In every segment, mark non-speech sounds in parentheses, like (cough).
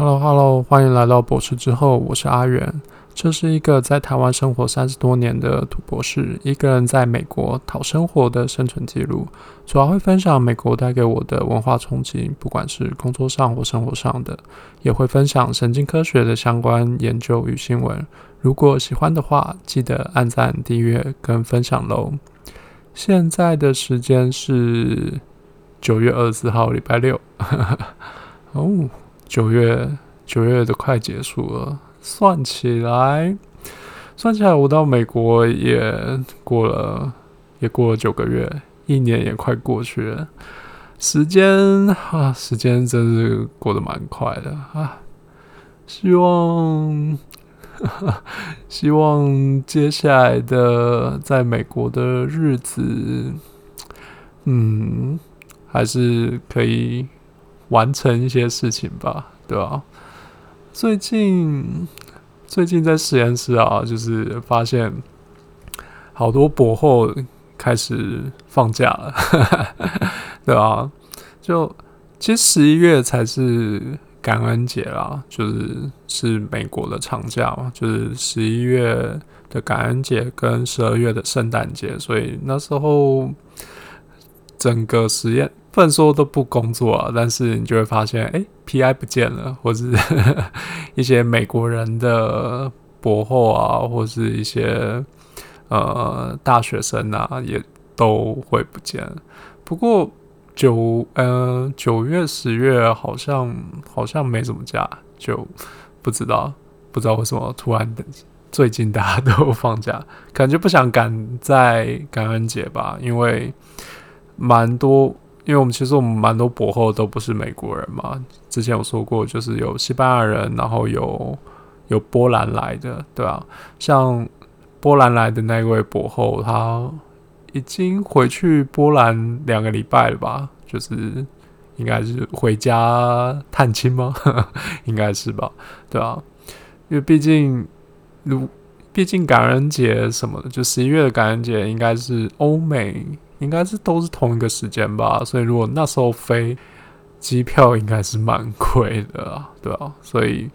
Hello，Hello，hello. 歡迎來到博士之後，我是阿遠，這是一個在台灣生活三十多年的土博士，一個人在美國討生活的生存記錄。主要會分享美國帶給我的文化衝擊，不管是工作上或生活上的，也會分享神經科學的相關研究與新聞。如果喜歡的話，記得按贊、訂閱跟分享嘍。現在的時間是九月二十四號，禮拜六。 (laughs) 哦。九月，九月都快結束了，算起來，算起來，我到美國也過了，也過了九個月，一年也快過去了。時間哈，啊，時間真是過得蠻快的啊！希望呵呵，希望接下來的在美國的日子，嗯，還是可以。完成一些事情吧，對吧、啊？最近最近在實驗室啊，就是發現好多博後開始放假了， (laughs) 對吧、啊？就其實十一月才是感恩節啦，就是是美國的長假嘛，就是十一月的感恩節跟十二月的聖誕節，所以那時候。整個實驗不能說都不工作，啊，但是你就會發現，哎，PI 不見了，或者一些美國人的博後啊，或者是一些呃大學生啊，也都會不見了。不過九嗯九月十月好像好像沒什麼假，就不知道不知道為什麼突然最近大家都放假，感覺不想趕在感恩節吧，因為。蠻多，因為我們其實我們蠻多博後的都不是美國人嘛。之前有說過，就是有西班牙人，然後有有波蘭來的，對吧、啊？像波蘭來的那位博後，他已經回去波蘭兩個禮拜了吧？就是應該是回家探親嗎？ (laughs) 應該是吧？對吧、啊？因為畢竟，如畢竟感恩節什麼的，就十一月的感恩節，應該是歐美。應該是都是同一個時間吧，所以如果那時候飛機票應該是蠻貴的啊，對吧、啊？所以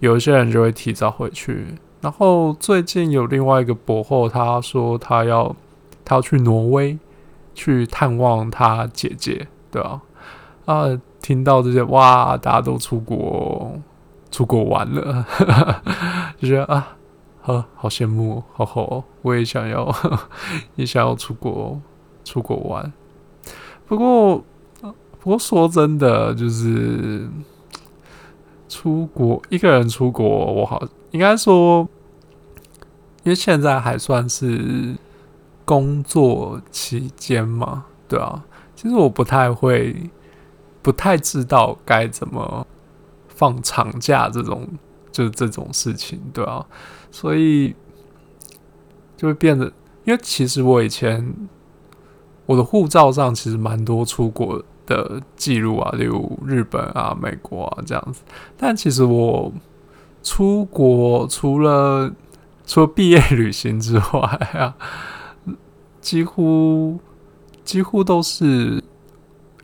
有一些人就會提早回去。然後最近有另外一個博後，他說他要他要去挪威去探望他姐姐，對吧？啊，啊，聽到這些哇，大家都出國出國玩了， (laughs) 就覺得啊好羨慕，好好、喔，我也想要， (laughs) 也想要出國。出國玩，不過，不過說真的，就是出國一個人出國，我好應該說，因為現在還算是工作期間嘛，對啊，其實我不太會，不太知道該怎麼放長假這種，就是這種事情，對啊，所以就會變得，因為其實我以前。我的護照上其實蠻多出國的記錄啊，例如日本啊、美國啊這樣子。但其實我出國除了除了畢業旅行之外啊，幾乎幾乎都是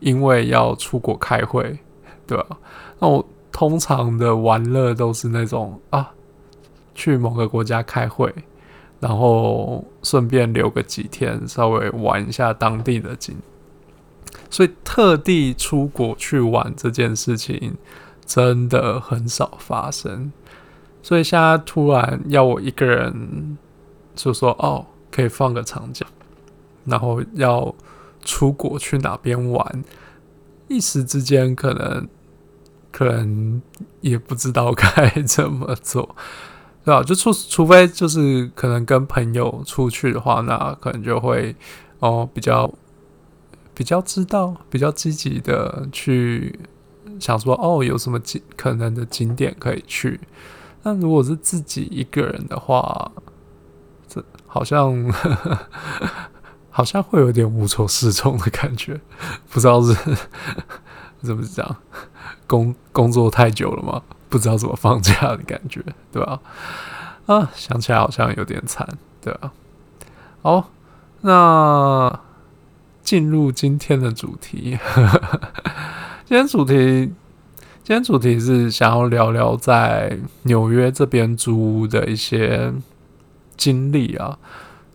因為要出國開會，對吧、啊？那我通常的玩樂都是那種啊，去某個國家開會。然後順便留個幾天，稍微玩一下當地的景色，所以特地出國去玩這件事情真的很少發生。所以現在突然要我一個人就說哦，可以放個長假，然後要出國去哪邊玩，一時之間可能可能也不知道該怎麼做。對啊，就除除非就是可能跟朋友出去的話，那可能就會哦比較比較知道，比較積極的去想說哦有什麼景可能的景點可以去。那如果是自己一個人的話，這好像呵呵好像會有點無所適從的感覺，不知道是怎麼講，工工作太久了嗎？不知道怎麼放假的感覺，對吧、啊？啊，想起來好像有點慘，對吧、啊？好，那進入今天的主題呵呵。今天主題，今天主題是想要聊聊在紐約這邊租屋的一些經歷啊。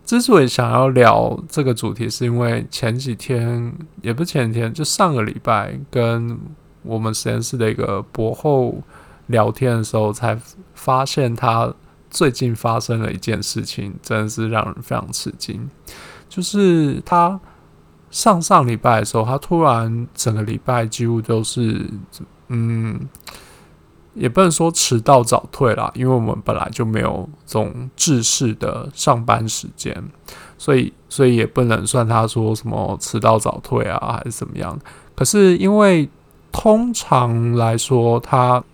之所以想要聊這個主題，是因為前幾天，也不是前幾天，就上個禮拜，跟我們實驗室的一個博後。聊天的時候才發現，他最近發生了一件事情，真的是讓人非常吃驚。就是他上上禮拜的時候，他突然整個禮拜幾乎都是，嗯，也不能說遲到早退啦，因為我們本來就沒有這種制式的上班時間，所以所以也不能算他說什麼遲到早退啊，還是怎麼樣。可是因為通常來說，他。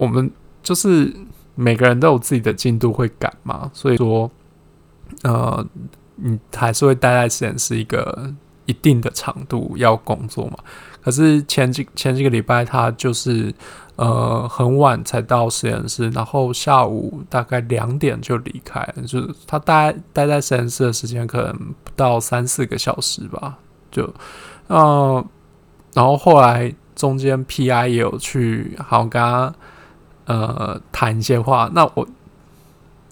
我們就是每個人都有自己的進度會趕嘛，所以說，呃，你還是會待在實驗室一個一定的長度要工作嘛。可是前幾前幾個禮拜，他就是呃很晚才到實驗室，然後下午大概兩點就離開，就是他待待在實驗室的時間可能不到三四個小時吧。就嗯、呃，然後後來中間 PI 也有去好跟他。呃，談一些話，那我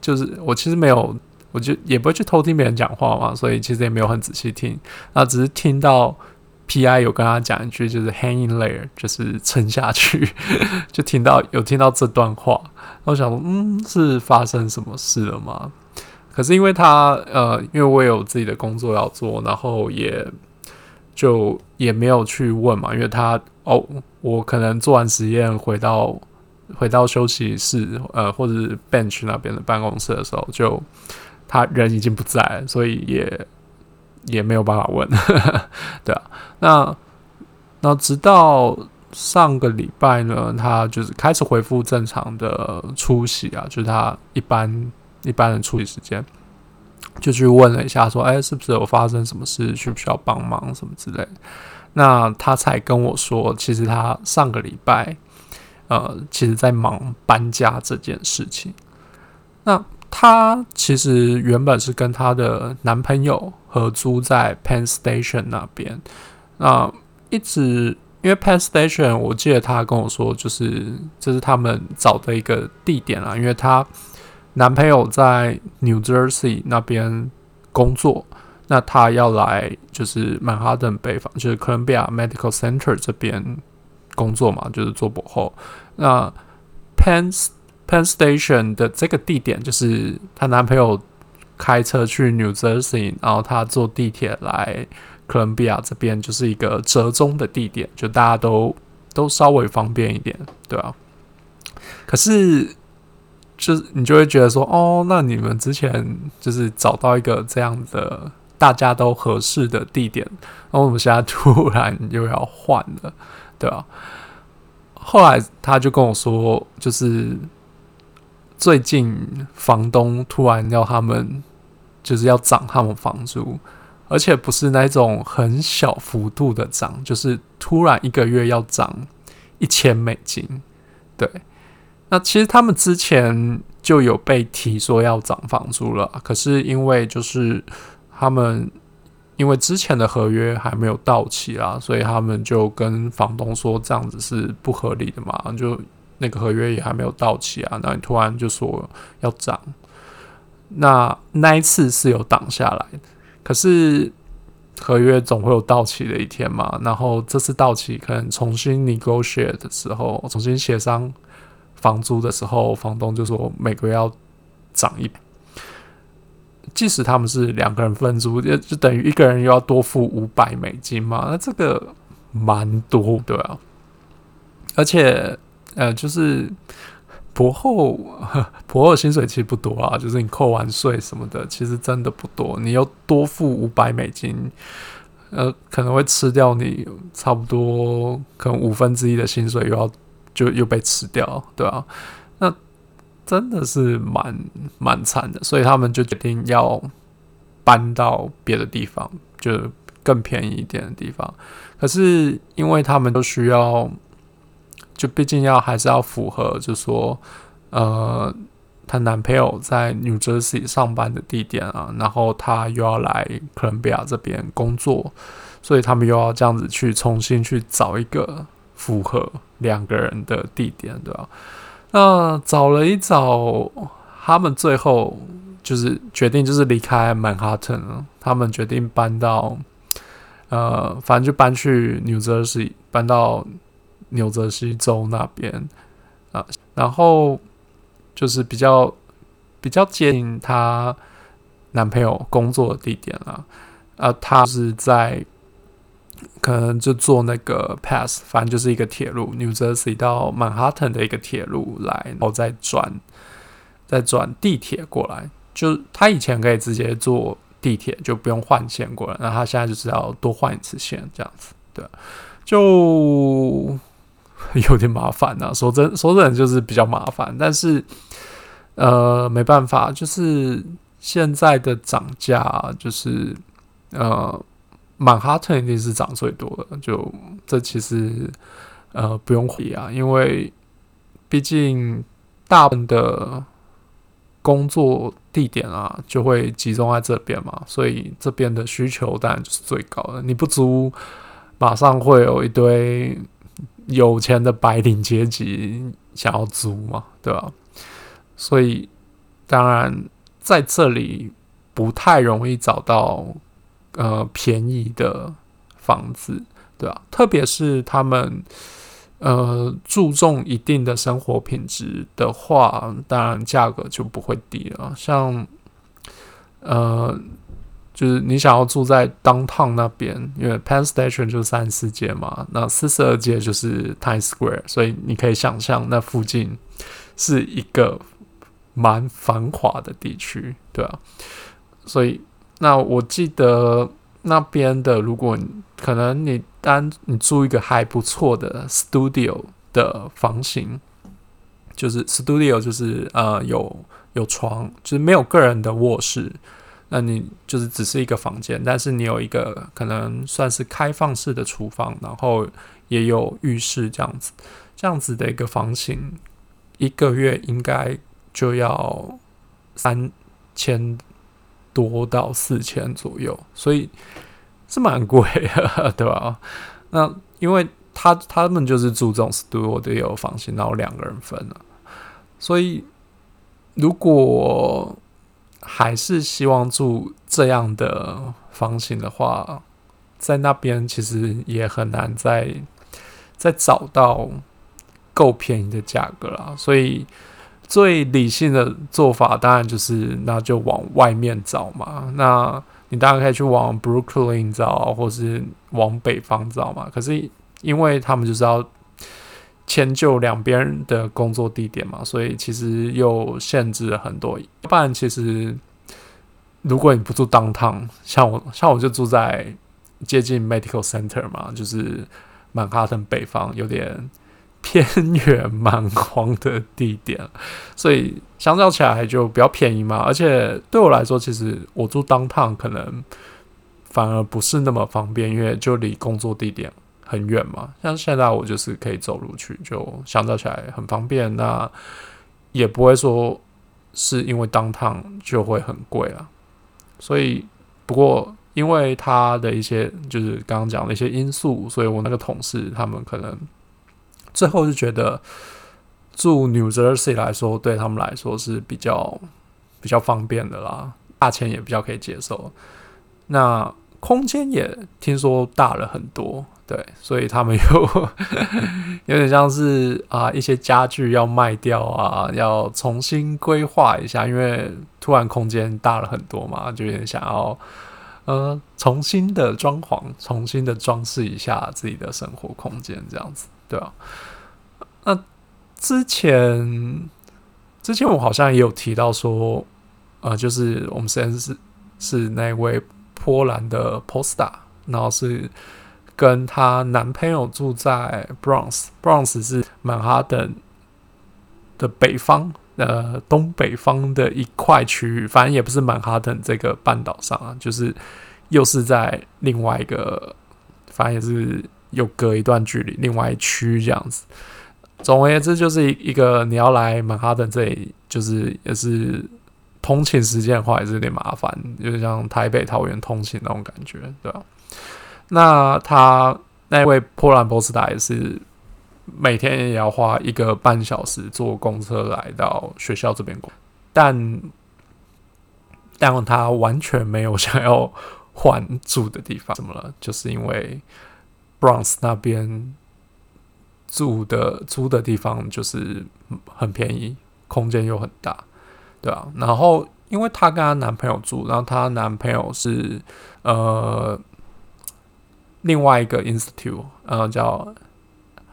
就是我其實沒有，我就也不會去偷聽別人講話嘛，所以其實也沒有很仔細聽，那只是聽到 PI 有跟他講一句，就是 hang in there，就是撐下去， (laughs) 就聽到有聽到這段話，我想，嗯，是發生什麼事了嗎？可是因為他呃，因為我也有自己的工作要做，然後也就也沒有去問嘛，因為他哦，我可能做完實驗回到。回到休息室，呃，或者是 bench 那邊的辦公室的時候，就他人已經不在，所以也也沒有辦法問。 (laughs) 對啊，那那直到上個禮拜呢，他就是開始恢復正常的出席啊，就是他一般一般人出席時間，就去問了一下，說，哎、欸，是不是有發生什麼事，需不需要幫忙什麼之類的？那他才跟我說，其實他上個禮拜。呃，其實在忙搬家這件事情。那她其實原本是跟她的男朋友合租在 Penn Station 那邊。那一直因為 Penn Station，我記得她跟我說、就是，就是這是他們找的一個地點啊，因為她男朋友在 New Jersey 那邊工作，那她要來就是曼哈頓北方，就是 Columbia Medical Center 這邊。工作嘛，就是做博後。那 Penns Penn Station 的這個地點，就是她男朋友開車去 New Jersey，然後她坐地鐵來 Columbia 這邊，就是一個折中的地點，就大家都都稍微方便一點，對吧？可是，就你就會覺得說，哦，那你們之前就是找到一個這樣的大家都合適的地點，那我們現在突然又要換了。對啊，後來他就跟我說，就是最近房東突然要他們，就是要漲他們房租，而且不是那種很小幅度的漲，就是突然一個月要漲一千美金。對，那其實他們之前就有被提說要漲房租了，可是因為就是他們。因為之前的合約還沒有到期啦，所以他們就跟房東說，這樣子是不合理的嘛，就那個合約也還沒有到期啊，那你突然就說要漲，那那一次是有擋下來，可是合約總會有到期的一天嘛，然後這次到期可能重新 negotiate 的時候，重新協商房租的時候，房東就說每個月要漲一即使他們是兩個人分租，也就等於一個人又要多付五百美金嘛。那這個蠻多，對啊。而且，呃，就是博後，博後的薪水其實不多啊，就是你扣完稅什麼的，其實真的不多。你要多付五百美金，呃，可能會吃掉你差不多可能五分之一的薪水，又要就又被吃掉，對啊。真的是蠻蠻慘的，所以他們就決定要搬到別的地方，就更便宜一點的地方。可是因為他們都需要，就畢竟要還是要符合就是，就說呃，她男朋友在 New Jersey 上班的地點啊，然後她又要來哥倫比亞這邊工作，所以他們又要這樣子去重新去找一個符合兩個人的地點，對吧、啊？那找了一找，他們最後就是決定就是離開曼哈頓了。他們決定搬到，呃，反正就搬去 s 澤西，搬到 s 澤西州那邊啊、呃。然後就是比較比較接近他男朋友工作的地點了。呃，他是在。可能就坐那個 pass，反正就是一個鐵路，New Jersey 到曼哈頓的一個鐵路來，然後再轉，再轉地鐵過來。就他以前可以直接坐地鐵，就不用換線過來。那他現在就是要多換一次線，這樣子，對，就有點麻煩啊。說真，說真的就是比較麻煩。但是，呃，沒辦法，就是現在的漲價啊，就是呃。曼哈頓一定是漲最多的，就這其實呃不用懷疑啊，因為畢竟大部分的工作地點啊就會集中在這邊嘛，所以這邊的需求當然就是最高的。你不租，馬上會有一堆有錢的白領階級想要租嘛，對吧、啊？所以當然在這裡不太容易找到。呃，便宜的房子，對吧、啊？特別是他們呃注重一定的生活品質的話，當然價格就不會低了。像呃，就是你想要住在 downtown 那邊，因為 Penn Station 就三十四街嘛，那四十二街就是 Times Square，所以你可以想象那附近是一個蠻繁華的地區，對吧、啊？所以。那我記得那邊的，如果可能你單你租一個還不錯的 studio 的房型，就是 studio 就是呃有有床，就是沒有個人的臥室，那你就是只是一個房間，但是你有一個可能算是開放式的廚房，然後也有浴室這樣子，這樣子的一個房型，一個月應該就要三千，多到四千左右，所以是蠻貴的呵呵，對吧？那因為他他們就是住這種 studio 的有房型，然後兩個人分了、啊，所以如果還是希望住這樣的房型的話，在那邊其實也很難再再找到夠便宜的價格了，所以。最理性的做法，當然就是那就往外面找嘛。那你大概可以去往 Brooklyn，ok，找，或是往北方找嘛。可是因為他們就是要遷就兩邊的工作地點嘛，所以其實又限制了很多。一般其實如果你不住 Downtown，像我，像我就住在接近 Medical Center 嘛，就是曼哈頓北方，有點。偏遠蠻荒的地點，所以相較起來就比較便宜嘛。而且對我來說，其實我住 downtown 可能反而不是那麼方便，因為就離工作地點很遠嘛。像現在我就是可以走路去，就相較起來很方便。那也不會說是因為 downtown 就會很貴啊。所以不過因為他的一些就是剛剛講的一些因素，所以我那個同事他們可能。最後就覺得住 New Jersey 來說，對他們來說是比較比較方便的啦，價錢也比較可以接受。那空間也聽說大了很多，對，所以他們又 (laughs) (laughs) 有點像是啊，一些家具要賣掉啊，要重新規劃一下，因為突然空間大了很多嘛，就有點想要呃重新的裝潢，重新的裝飾一下自己的生活空間這樣子。對啊，那、呃、之前之前我好像也有提到說，呃，就是我們實驗室是那位波蘭的 Posta，然後是跟她男朋友住在 Bronx，Bronx 是曼哈頓的北方，呃，東北方的一塊區域，反正也不是曼哈頓這個半島上啊，就是又是在另外一個，反正也是。又隔一段距離，另外一區這樣子。總而言之，就是一個你要來曼哈頓這裡，就是也是通勤時間的話，也是有點麻煩，有點像台北、桃園通勤那種感覺，對吧、啊？那他那位波蘭博士，大概是每天也要花一個半小時坐公車來到學校這邊過，但但他完全沒有想要換住的地方，怎麼了？就是因為 Bronx 那邊住的租的地方就是很便宜，空間又很大，對啊。然後因為她跟她男朋友住，然後她男朋友是呃另外一個 Institute，後、呃、叫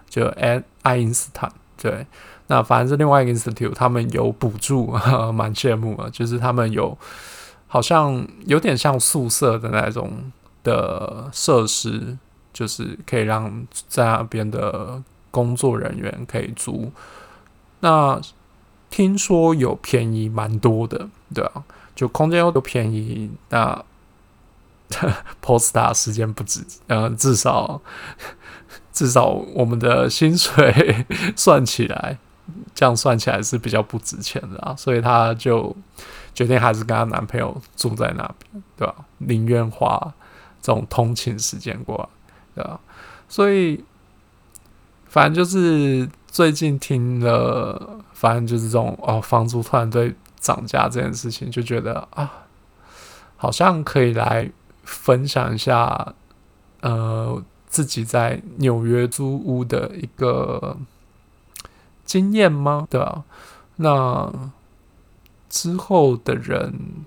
就愛愛因斯坦，對，那反正是另外一個 Institute，他們有補助，蠻羨慕的，就是他們有好像有點像宿舍的那種的設施。就是可以讓在那邊的工作人員可以租。那聽說有便宜蠻多的，對啊，就空間又都便宜。那呵 postar 時間不值，呃，至少至少我們的薪水 (laughs) 算起來，這樣算起來是比較不值錢的啊。所以她就決定還是跟她男朋友住在那邊，對吧？啊？寧願花這種通勤時間過來。對啊，所以反正就是最近聽了，反正就是這種哦，房租突然對漲價這件事情，就覺得啊，好像可以來分享一下，呃，自己在紐約租屋的一個經驗嗎？對啊，那之後的人。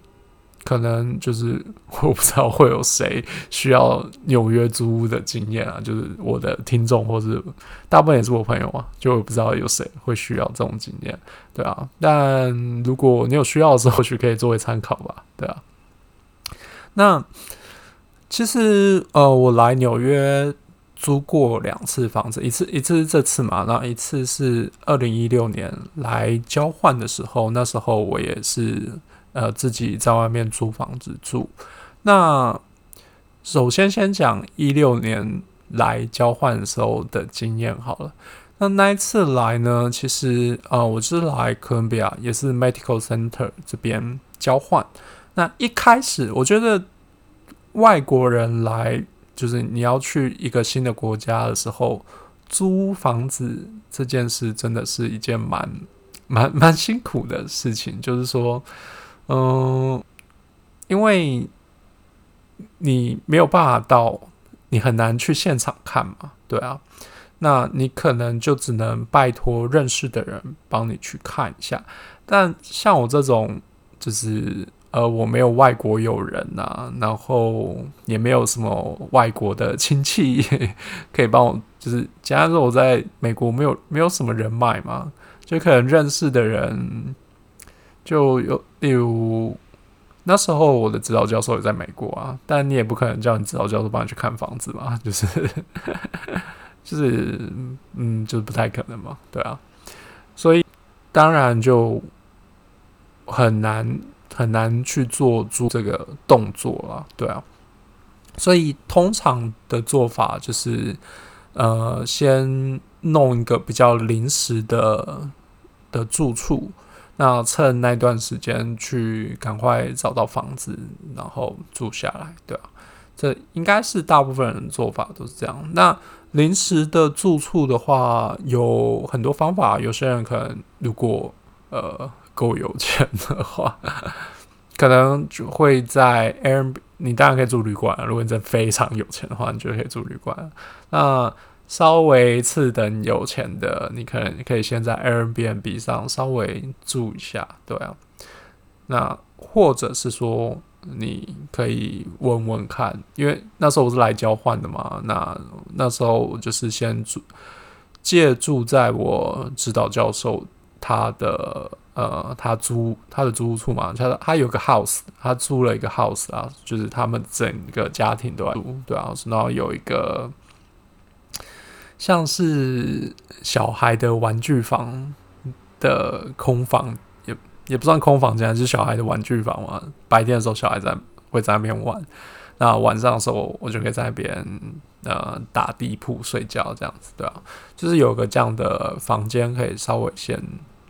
可能就是我不知道會有誰需要紐約租屋的經驗啊，就是我的聽眾，或是大部分也是我朋友啊，就我不知道有誰會需要這種經驗，對啊。但如果你有需要的時候，去可以作為參考吧，對啊。那其實呃，我來紐約租過兩次房子，一次一次是這次嘛，然後一次是二零一六年來交換的時候，那時候我也是。呃，自己在外面租房子住。那首先先講一六年來交換的時候的經驗好了。那那一次來呢，其實啊、呃，我是來哥倫比亞，也是 Medical Center 這邊交換。那一開始我覺得外國人來，就是你要去一個新的國家的時候，租房子這件事真的是一件蠻蠻蠻辛苦的事情，就是說。嗯、呃，因為你沒有辦法到，你很難去現場看嘛，對啊，那你可能就只能拜託認識的人幫你去看一下。但像我這種，就是呃，我沒有外國友人吶、啊，然後也沒有什麼外國的親戚 (laughs) 可以幫我，就是加上我在美國沒有沒有什麼人脈嘛，就可能認識的人。就有例如那時候我的指導教授也在美國啊，但你也不可能叫你指導教授幫你去看房子吧？就是 (laughs) 就是嗯，就是不太可能嘛，對啊，所以當然就很難很難去做出這個動作啊。對啊，所以通常的做法就是呃，先弄一個比較臨時的的住處。那趁那段時間去趕快找到房子，然後住下來，對啊，這應該是大部分人的做法都是這樣。那臨時的住處的話，有很多方法。有些人可能如果呃夠有錢的話，可能就會在 Airbnb。你當然可以住旅館，如果你真的非常有錢的話，你就可以住旅館。那。稍微次等有錢的，你可能可以先在 Airbnb 上稍微住一下，對啊。那或者是說，你可以問問看，因為那時候我是來交換的嘛。那那時候我就是先住，借住在我指導教授他的呃，他租他的租屋處嘛，他他有個 house，他租了一個 house 啊，就是他們整個家庭都住，對啊。然後有一個。像是小孩的玩具房的空房，也也不算空房間，就是小孩的玩具房嘛。白天的時候，小孩在會在那邊玩，那晚上的時候，我就可以在那邊呃打地鋪睡覺，這樣子對吧？啊？就是有個這樣的房間可以稍微先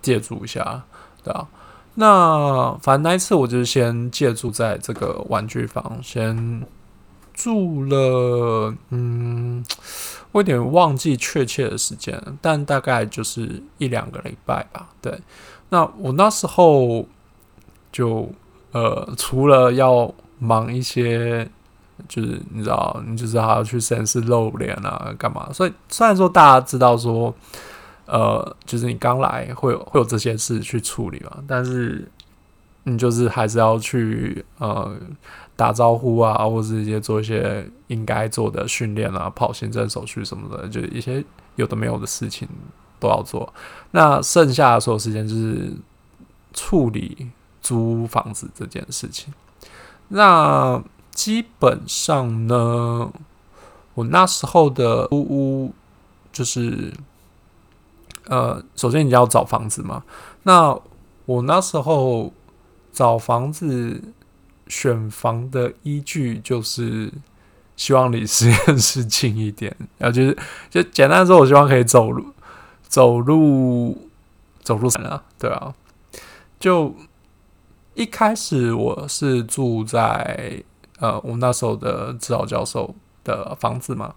借住一下，對啊。那反正那一次，我就是先借住在這個玩具房，先住了，嗯。有點忘記確切的時間，但大概就是一兩個禮拜吧。對，那我那時候就呃，除了要忙一些，就是你知道，你就是還要去實驗室露臉啊，幹嘛？所以雖然說大家知道說，呃，就是你剛來會有會有這些事去處理嘛，但是你就是還是要去呃。打招呼啊，或者做一些應該做的訓練啊，跑行政手續什麼的，就一些有的沒有的事情都要做。那剩下的所有時間就是處理租房子這件事情。那基本上呢，我那時候的租屋就是，呃，首先你要找房子嘛。那我那時候找房子。選房的依據就是希望離實驗室近一點，然後，啊，就是就簡單說，我希望可以走路走路走路上了，對啊。就一開始我是住在呃，我那時候的指導教授的房子嘛。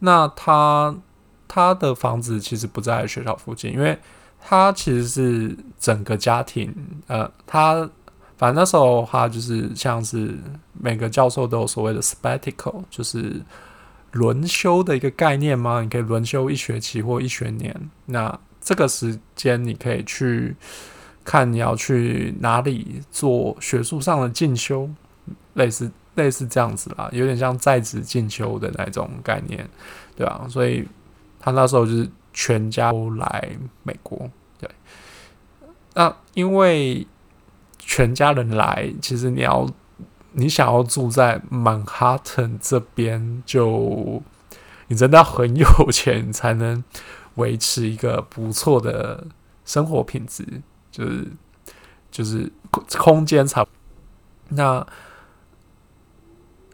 那他他的房子其實不在學校附近，因為他其實是整個家庭，呃，他。反正那時候哈，就是像是每個教授都有所謂的 sabbatical，就是輪休的一個概念嘛？你可以輪休一學期或一學年，那這個時間你可以去看你要去哪裡做學術上的進修，類似類似這樣子啦，有點像在職進修的那種概念，對吧，啊？所以他那時候就是全家都來美國，對，那因為。全家人來，其實你要你想要住在曼哈頓這邊，就你真的很有錢才能維持一個不錯的生活品質，就是就是空空間差不多。那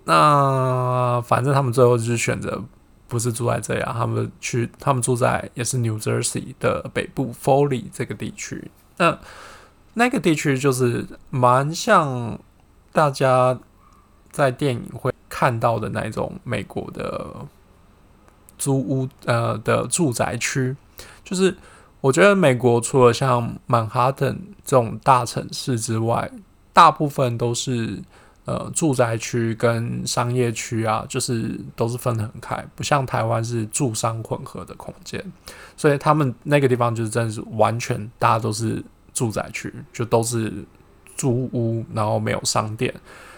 那反正他們最後就是選擇不是住在這裡啊，他們去他們住在也是 New Jersey 的北部 Foley 這個地區。那那個地區就是蠻像大家在電影會看到的那種美國的租屋呃的住宅區，就是我覺得美國除了像曼哈頓這種大城市之外，大部分都是呃住宅區跟商業區啊，就是都是分得很開，不像台灣是住商混合的空間，所以他們那個地方就是真的是完全大家都是。住宅區就都是租屋，然後沒有商店。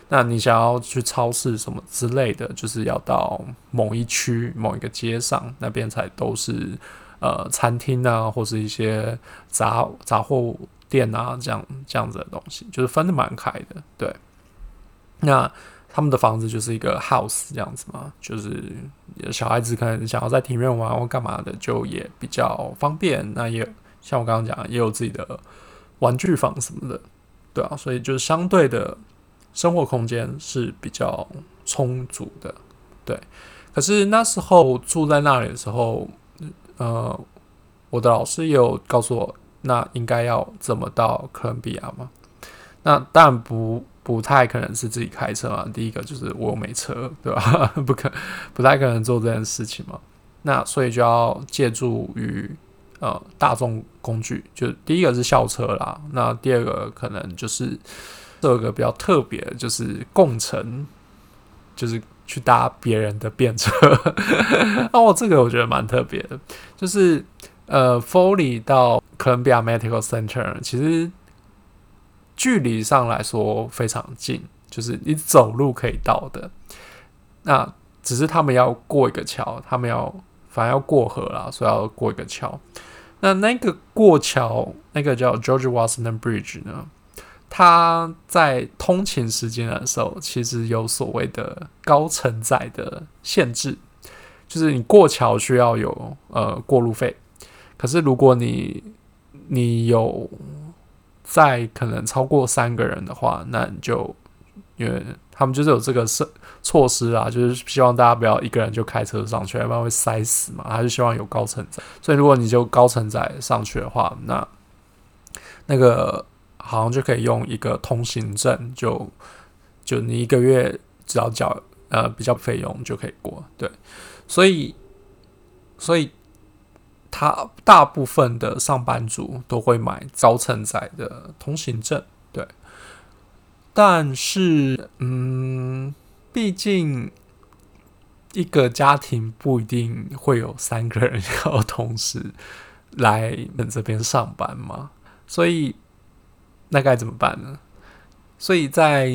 那你想要去超市什麼之類的，就是要到某一區某一個街上那邊才都是呃餐廳啊，或是一些雜雜貨店啊這樣這樣子的東西，就是分得蠻開的。對，那他們的房子就是一個 house 這樣子嘛，就是小孩子可能想要在庭院玩或幹嘛的，就也比較方便。那也像我剛剛講，也有自己的。玩具房什麼的，對啊，所以就是相對的生活空間是比較充足的，對。可是那時候住在那裡的時候，呃，我的老師也有告訴我，那應該要怎麼到哥倫比亞嘛？那當然不不太可能是自己開車嘛。第一個就是我又沒車，對吧、啊？不可不太可能做這件事情嘛。那所以就要借助於。呃，大眾工具就第一個是校車啦，那第二個可能就是這個比較特別，就是共乘，就是去搭別人的便車。 (laughs) 哦，這個我覺得蠻特別的，就是呃，Foley 到 Columbia Medical Center 其實距離上來說非常近，就是你走路可以到的。那只是他們要過一個橋，他們要反正要過河啦，所以要過一個橋。那那個過橋，那個叫 George Washington Bridge 呢？它在通勤時間的時候，其實有所謂的高承載的限制，就是你過橋需要有呃過路費。可是如果你你有在可能超過三個人的話，那你就因為他們就是有這個設。措施啊，就是希望大家不要一個人就開車上去，要不然會塞死嘛。還是希望有高承載，所以如果你就高承載上去的話，那那個好像就可以用一個通行證，就就你一個月只要繳呃比較費用就可以過。對，所以所以他大部分的上班族都會買高承載的通行證，對。但是，嗯。畢竟，一個家庭不一定會有三個人要同時來本這邊上班嘛，所以那該怎麼辦呢？所以在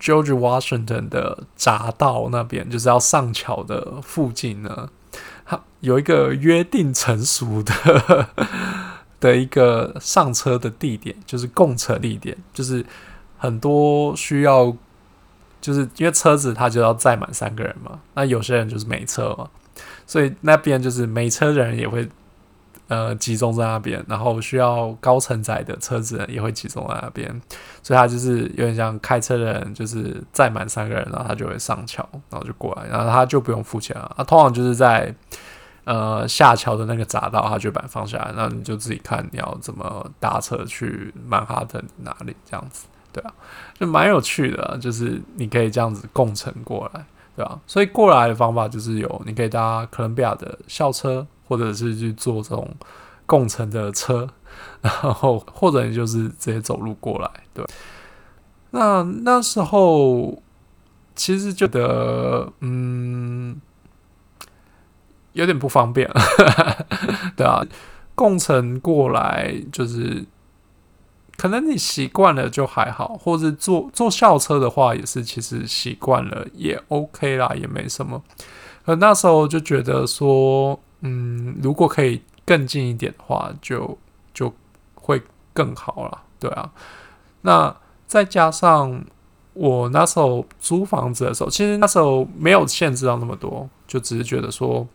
George Washington 的匝道那邊，就是要上橋的附近呢，有一個約定成俗的呵呵的一個上車的地點，就是共車地點，就是很多需要。就是因為車子他就要載滿三個人嘛，那有些人就是沒車嘛，所以那邊就是沒車的人也會呃集中在那邊，然後需要高承載的車子也會集中在那邊，所以他就是有點像開車的人就是載滿三個人，然後他就會上橋，然後就過來，然後他就不用付錢了。他、啊、通常就是在呃下橋的那個匝道，他就把它放下來，那你就自己看你要怎麼搭車去曼哈頓哪裡這樣子。對啊，就蠻有趣的啊，就是你可以這樣子共乘過來，對啊。所以過來的方法就是有，你可以搭哥倫比亞的校車，或者是去坐這種共乘的車，然後或者你就是直接走路過來，對。那那時候其實覺得，嗯，有點不方便， (laughs) 對啊，共乘過來就是。可能你習慣了就還好，或是坐坐校車的話，也是其實習慣了也 OK 啦，也沒什麼。可那時候就覺得說，嗯，如果可以更近一點的話就，就就會更好了，對啊。那再加上我那時候租房子的時候，其實那時候沒有限制到那麼多，就只是覺得說，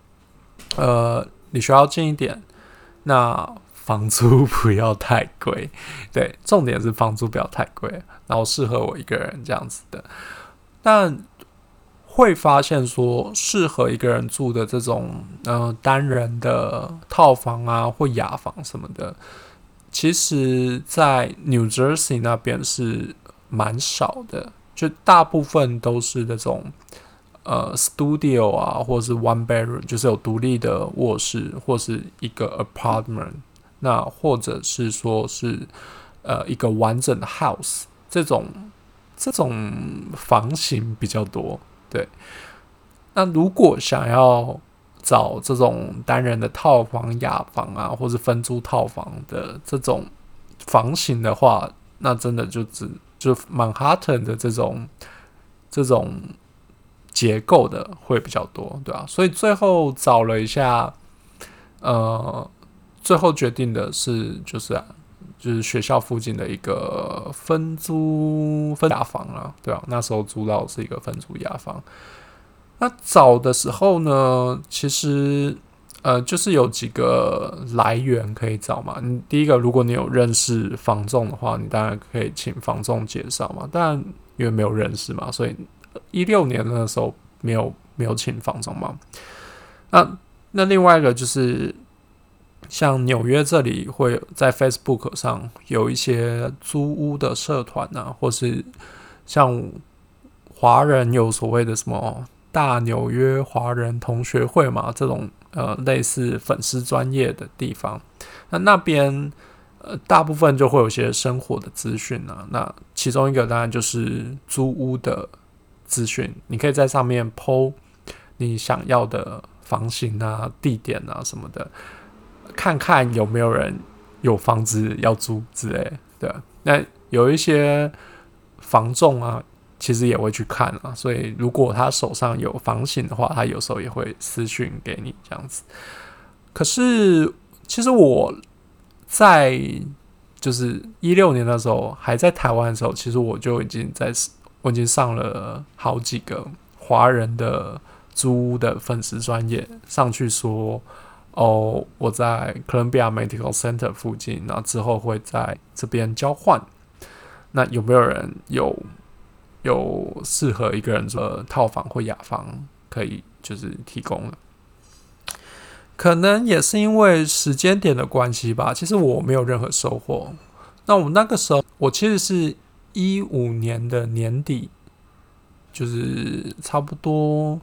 呃，離學校近一點，那。房租不要太貴，對，重點是房租不要太貴，然後適合我一個人這樣子的。但會發現說，適合一個人住的這種，嗯、呃，單人的套房啊，或雅房什麼的，其實在 New Jersey 那邊是蠻少的，就大部分都是那種，呃，studio 啊，或者是 one bedroom，就是有獨立的臥室或是一個 apartment。那或者是說是，呃，一個完整的 house 這種這種房型比較多，對。那如果想要找這種單人的套房、雅房啊，或是分租套房的這種房型的話，那真的就只就曼哈頓的這種這種結構的會比較多，對啊。所以最後找了一下，呃。最後決定的是，就是啊，就是學校附近的一個分租分雅房啊。對吧？啊，那時候租到是一個分租雅房。那找的時候呢，其實呃，就是有幾個來源可以找嘛。你第一個，如果你有認識房仲的話，你當然可以請房仲介紹嘛。但因為沒有認識嘛，所以一六年那時候沒有沒有請房仲嘛。那那另外一個就是。像紐約這裡會在 Facebook 上有一些租屋的社團啊，或是像華人有所謂的什麼大紐約華人同學會嘛，這種呃類似粉絲專頁的地方。那那邊呃大部分就會有一些生活的資訊啊，那其中一個當然就是租屋的資訊，你可以在上面 PO 你想要的房型啊、地點啊什麼的。看看有沒有人有房子要租之類的，的那有一些房仲啊，其實也會去看啊。所以如果他手上有房型的話，他有時候也會私訊給你這樣子。可是其實我在就是一六年的時候還在台灣的時候，其實我就已經在我已經上了好幾個華人的租屋的粉絲專頁上去說。哦，oh, 我在 Columbia Medical Center 附近，那之後會在這邊交換。那有沒有人有有適合一個人做的套房或雅房可以就是提供？可能也是因為時間點的關係吧。其實我沒有任何收穫。那我們那個時候，我其實是一五年的年底，就是差不多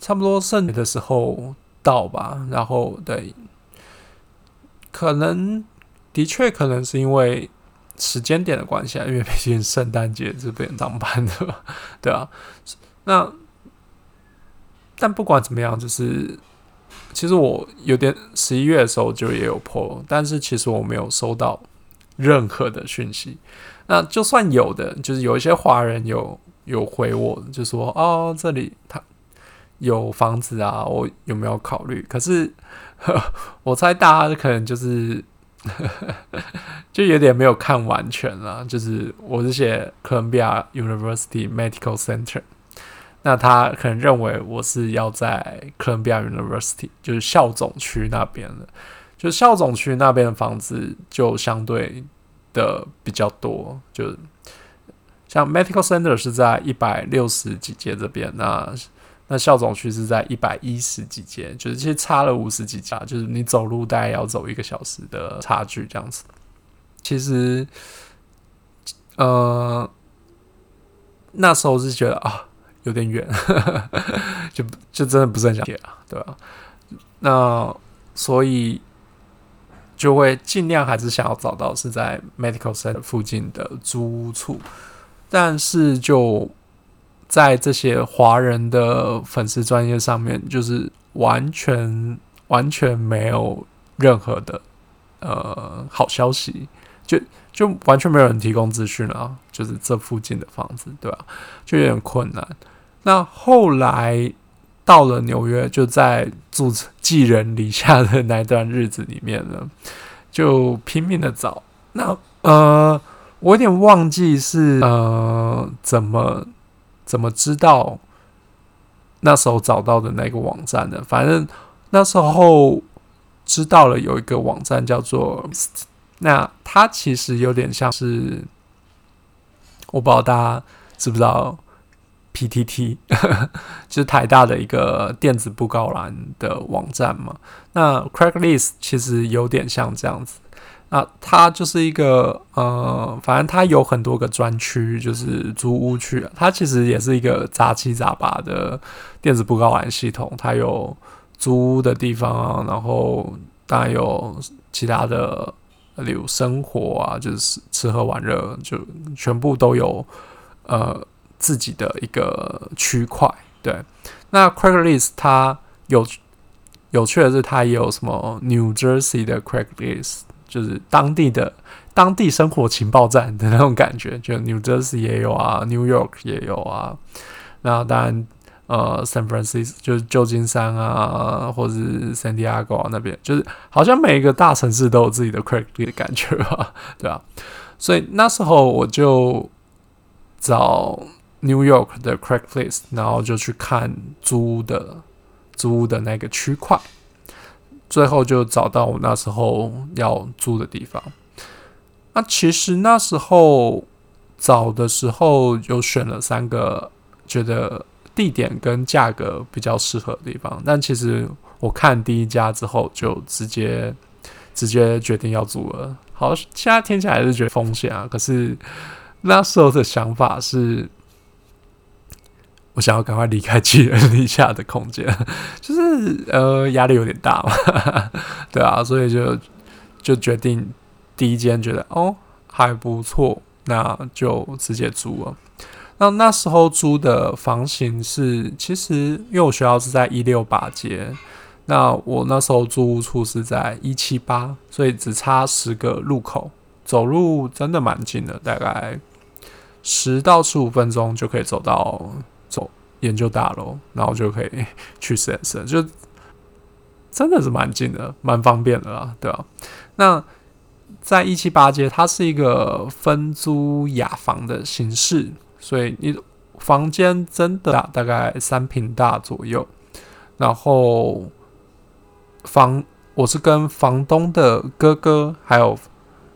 差不多盛年的時候。到吧，然後對，可能的確可能是因為時間點的關係啊，因為畢竟聖誕節這邊當班的，對啊。那但不管怎麼樣，就是其實我有點十一月的時候就也有 PO，但是其實我沒有收到任何的訊息。那就算有的，就是有一些華人有有回我，就說哦，這裡他。有房子啊，我有沒有考慮？可是我猜大家可能就是呵呵就有點沒有看完全啊。就是我是寫 Columbia University Medical Center，那他可能認為我是要在 Columbia University，就是校總區那邊的，就校總區那邊的房子就相對的比較多。就像 Medical Center 是在一百六十幾街這邊，那，那校總區是在一百一十幾間，就是其實差了五十幾家，就是你走路大概要走一個小時的差距這樣子。其實，呃，那時候是覺得啊，有點遠，就就真的不是很想貼了，對吧、啊？那所以就會儘量還是想要找到是在 Medical Center 附近的租屋處，但是就。在這些華人的粉絲專頁上面，就是完全完全沒有任何的呃好消息，就就完全沒有人提供資訊啊，就是這附近的房子，對吧？就有點困難。那後來到了紐約，就在住寄人籬下的那段日子裡面呢，就拼命的找。那呃，我有點忘記是呃怎麼。怎麼知道那時候找到的那個網站呢？反正那時候知道了有一個網站叫做，那它其實有點像是，我不知道大家知不知道，PTT，就是台大的一個電子布告欄的網站嘛。那 Craigslist 其實有點像這樣子。啊，那它就是一個呃，反正它有很多個專區，就是租屋區啊。它其實也是一個雜七雜八的電子布告欄系統。它有租屋的地方啊，然後當然有其他的，例如生活啊，就是吃喝玩樂，就全部都有呃自己的一個區塊。對，那 Craigslist 它有，有趣的是，它也有什麼 New Jersey 的 Craigslist。就是當地的當地生活情報站的那種感覺，就 New Jersey 也有啊，New York 也有啊，那當然呃，San Francisco 就是舊金山啊，或者是 San Diego、啊、那邊，就是好像每一個大城市都有自己的 Craigslist 的感覺吧，對吧、啊？所以那時候我就找 New York 的 Craigslist，然後就去看租屋的租屋的那個區塊。最後就找到我那時候要租的地方。那、啊、其實那時候找的時候有選了三個，覺得地點跟價格比較適合的地方。但其實我看第一家之後，就直接直接決定要租了。好，現在聽起來是覺得風險啊。可是那時候的想法是。我想要趕快離開寄人籬下的空間，就是呃壓力有點大嘛呵呵，對啊，所以就就決定第一間覺得哦還不錯，那就直接租了。那那時候租的房型是，其實因為我學校是在一六八街，那我那時候住處是在一七八，所以只差十個路口，走路真的蠻近的，大概十到十五分鐘就可以走到。走研究大樓，然後就可以去實驗室，就真的是蠻近的，蠻方便的啦，對吧、啊？那在一七八街，它是一個分租雅房的形式，所以你房間真的大，大概三坪大左右。然後房我是跟房東的哥哥，還有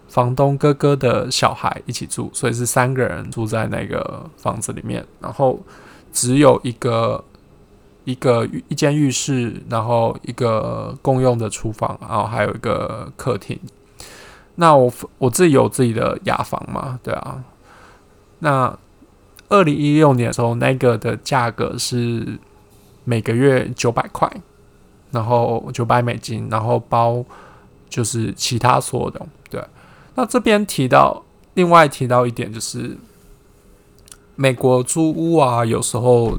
房東哥哥的小孩一起住，所以是三個人住在那個房子裡面，然後。只有一個一個一間浴室，然後一個共用的廚房，然後還有一個客廳。那我我自己有自己的雅房嘛，對啊。那二零一六年的時候，那個的價格是每個月九百塊，然後九百美金，然後包就是其他所有的。對啊，那這邊提到另外提到一點就是。美國租屋啊，有時候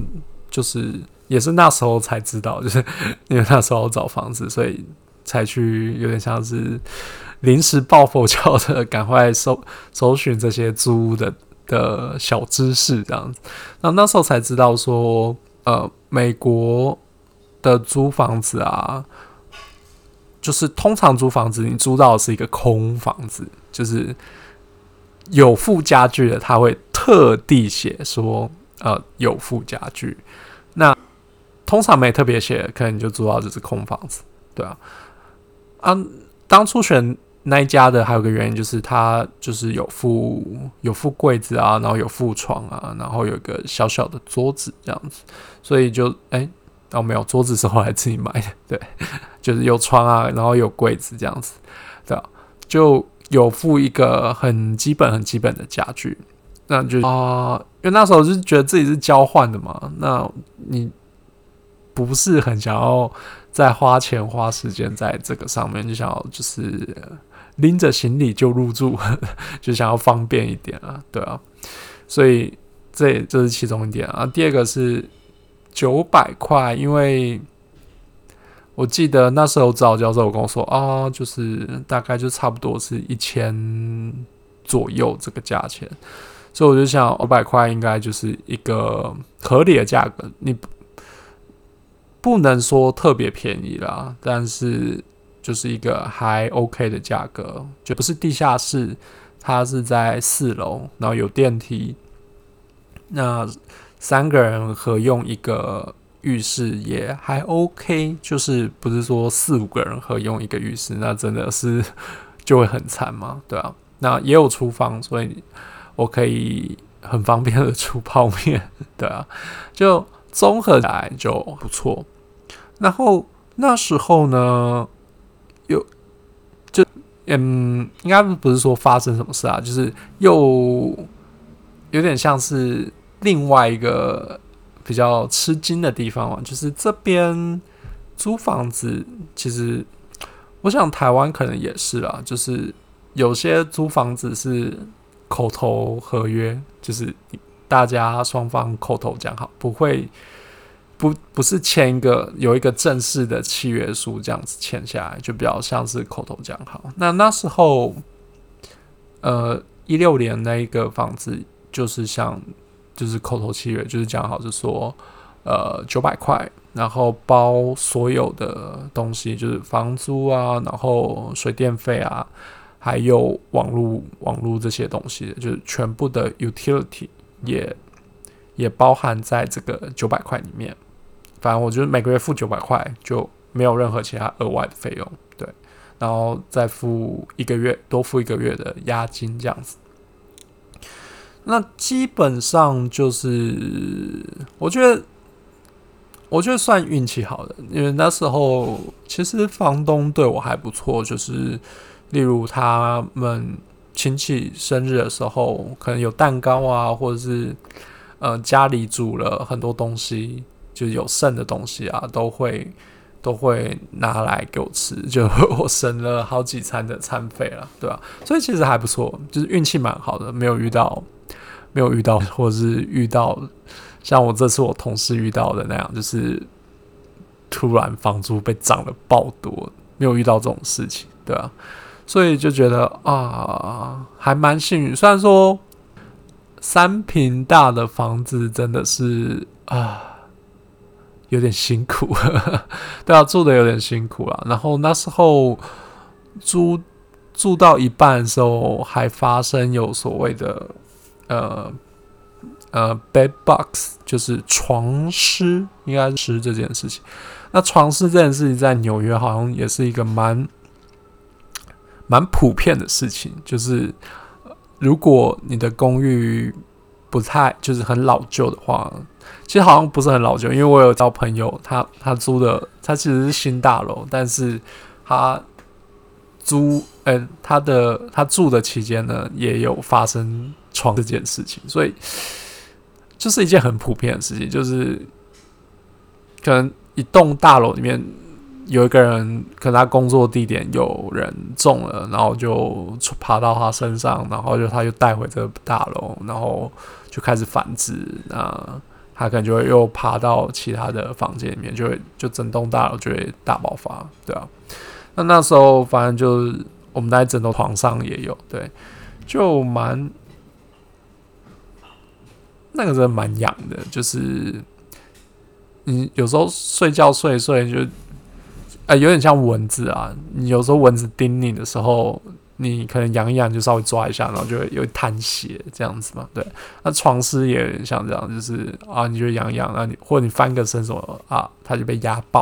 就是也是那時候才知道，就是因為那時候找房子，所以才去有點像是臨時抱佛腳的，趕快搜搜尋這些租屋的的小知識這樣子。那那時候才知道說，呃，美國的租房子啊，就是通常租房子，你租到的是一個空房子，就是有附家具的，他會。特地寫說，呃，有附家具。那通常沒特別寫，可能就租到就是空房子，對啊。啊，當初選那一家的還有個原因，就是他就是有附有附櫃子啊，然後有附床啊，然後有一個小小的桌子這樣子，所以就哎，哦、欸啊、沒有，桌子是後來自己買的，對，就是有床啊，然後有櫃子這樣子，對、啊，就有附一個很基本很基本的家具。那就啊、呃，因為那時候就是覺得自己是交換的嘛，那你不是很想要再花錢花時間在這個上面，就想要就是拎着行李就入住呵呵，就想要方便一點啊，對啊。所以這這是其中一點啊。第二個是九百塊，因為我記得那時候指導教授我跟我說啊、呃，就是大概就差不多是一千左右這個價錢。所以我就想，五百塊應該就是一個合理的價格。你不能說特別便宜啦，但是就是一個還 OK 的價格。就不是地下室，它是在四樓，然後有電梯。那三個人合用一個浴室也還 OK，就是不是說四五個人合用一個浴室，那真的是 (laughs) 就會很慘嘛。對啊，那也有廚房，所以。我可以很方便的煮泡麵，對啊，就綜合來就不錯。然後那時候呢，又就嗯，應該不是說發生什麼事啊，就是又有點像是另外一個比較吃驚的地方嘛、啊，就是這邊租房子，其實我想台灣可能也是啊，就是有些租房子是。口頭合約就是大家雙方口頭講好，不會不不是簽一個有一個正式的契約書這樣子簽下來，就比較像是口頭講好。那那時候，呃，一六年那一個房子就是像就是口頭契約，就是講好是說呃九百塊，然後包所有的東西，就是房租啊，然後水電費啊。還有網絡，網絡這些東西，就是全部的 utility 也也包含在這個九百塊裡面。反正我覺得每個月付九百塊，就沒有任何其他額外的費用，對。然後再付一個月，多付一個月的押金這樣子。那基本上就是，我覺得我覺得算運氣好的，因為那時候其實房東對我還不錯，就是。例如他們親戚生日的時候，可能有蛋糕啊，或者是、呃、家裡煮了很多東西，就是有剩的東西啊，都會都會拿來給我吃，就我省了好幾餐的餐費了，對吧？所以其實還不錯，就是運氣蠻好的，沒有遇到沒有遇到，或者是遇到像我這次我同事遇到的那樣，就是突然房租被漲了爆多，沒有遇到這種事情，對吧？所以就覺得啊，還蠻幸運。雖然說三坪大的房子真的是啊，有點辛苦， (laughs) 對啊，住得有點辛苦啦。然後那時候租住到一半的時候，還發生有所謂的呃呃 bed bugs，就是床蝨，應該是蝨這件事情。那床蝨這件事情在紐約好像也是一個蠻蠻普遍的事情，就是如果你的公寓不太就是很老舊的話，其實好像不是很老舊，因為我有交朋友，他他租的他其實是新大樓，但是他租，嗯、欸，他的他住的期間呢，也有發生床這件事情，所以就是一件很普遍的事情，就是可能一棟大樓裡面。有一個人，可能他工作地點有人中了，然後就爬到他身上，然後就他就帶回這個大樓，然後就開始繁殖。啊，他可能就會又爬到其他的房間裡面，就會就整棟大樓就會大爆發，對啊。那那時候反正就是我們在整棟床上也有，對，就蠻那個真的蠻癢的，就是你，嗯，有時候睡覺睡一睡就。呃、欸，有點像蚊子啊。你有時候蚊子叮你的時候，你可能癢一癢，就稍微抓一下，然後就會有一灘血這樣子嘛。對，那床蝨也像這樣，就是啊，你就癢癢，然、啊、後你或者你翻個身什麼啊，它就被壓爆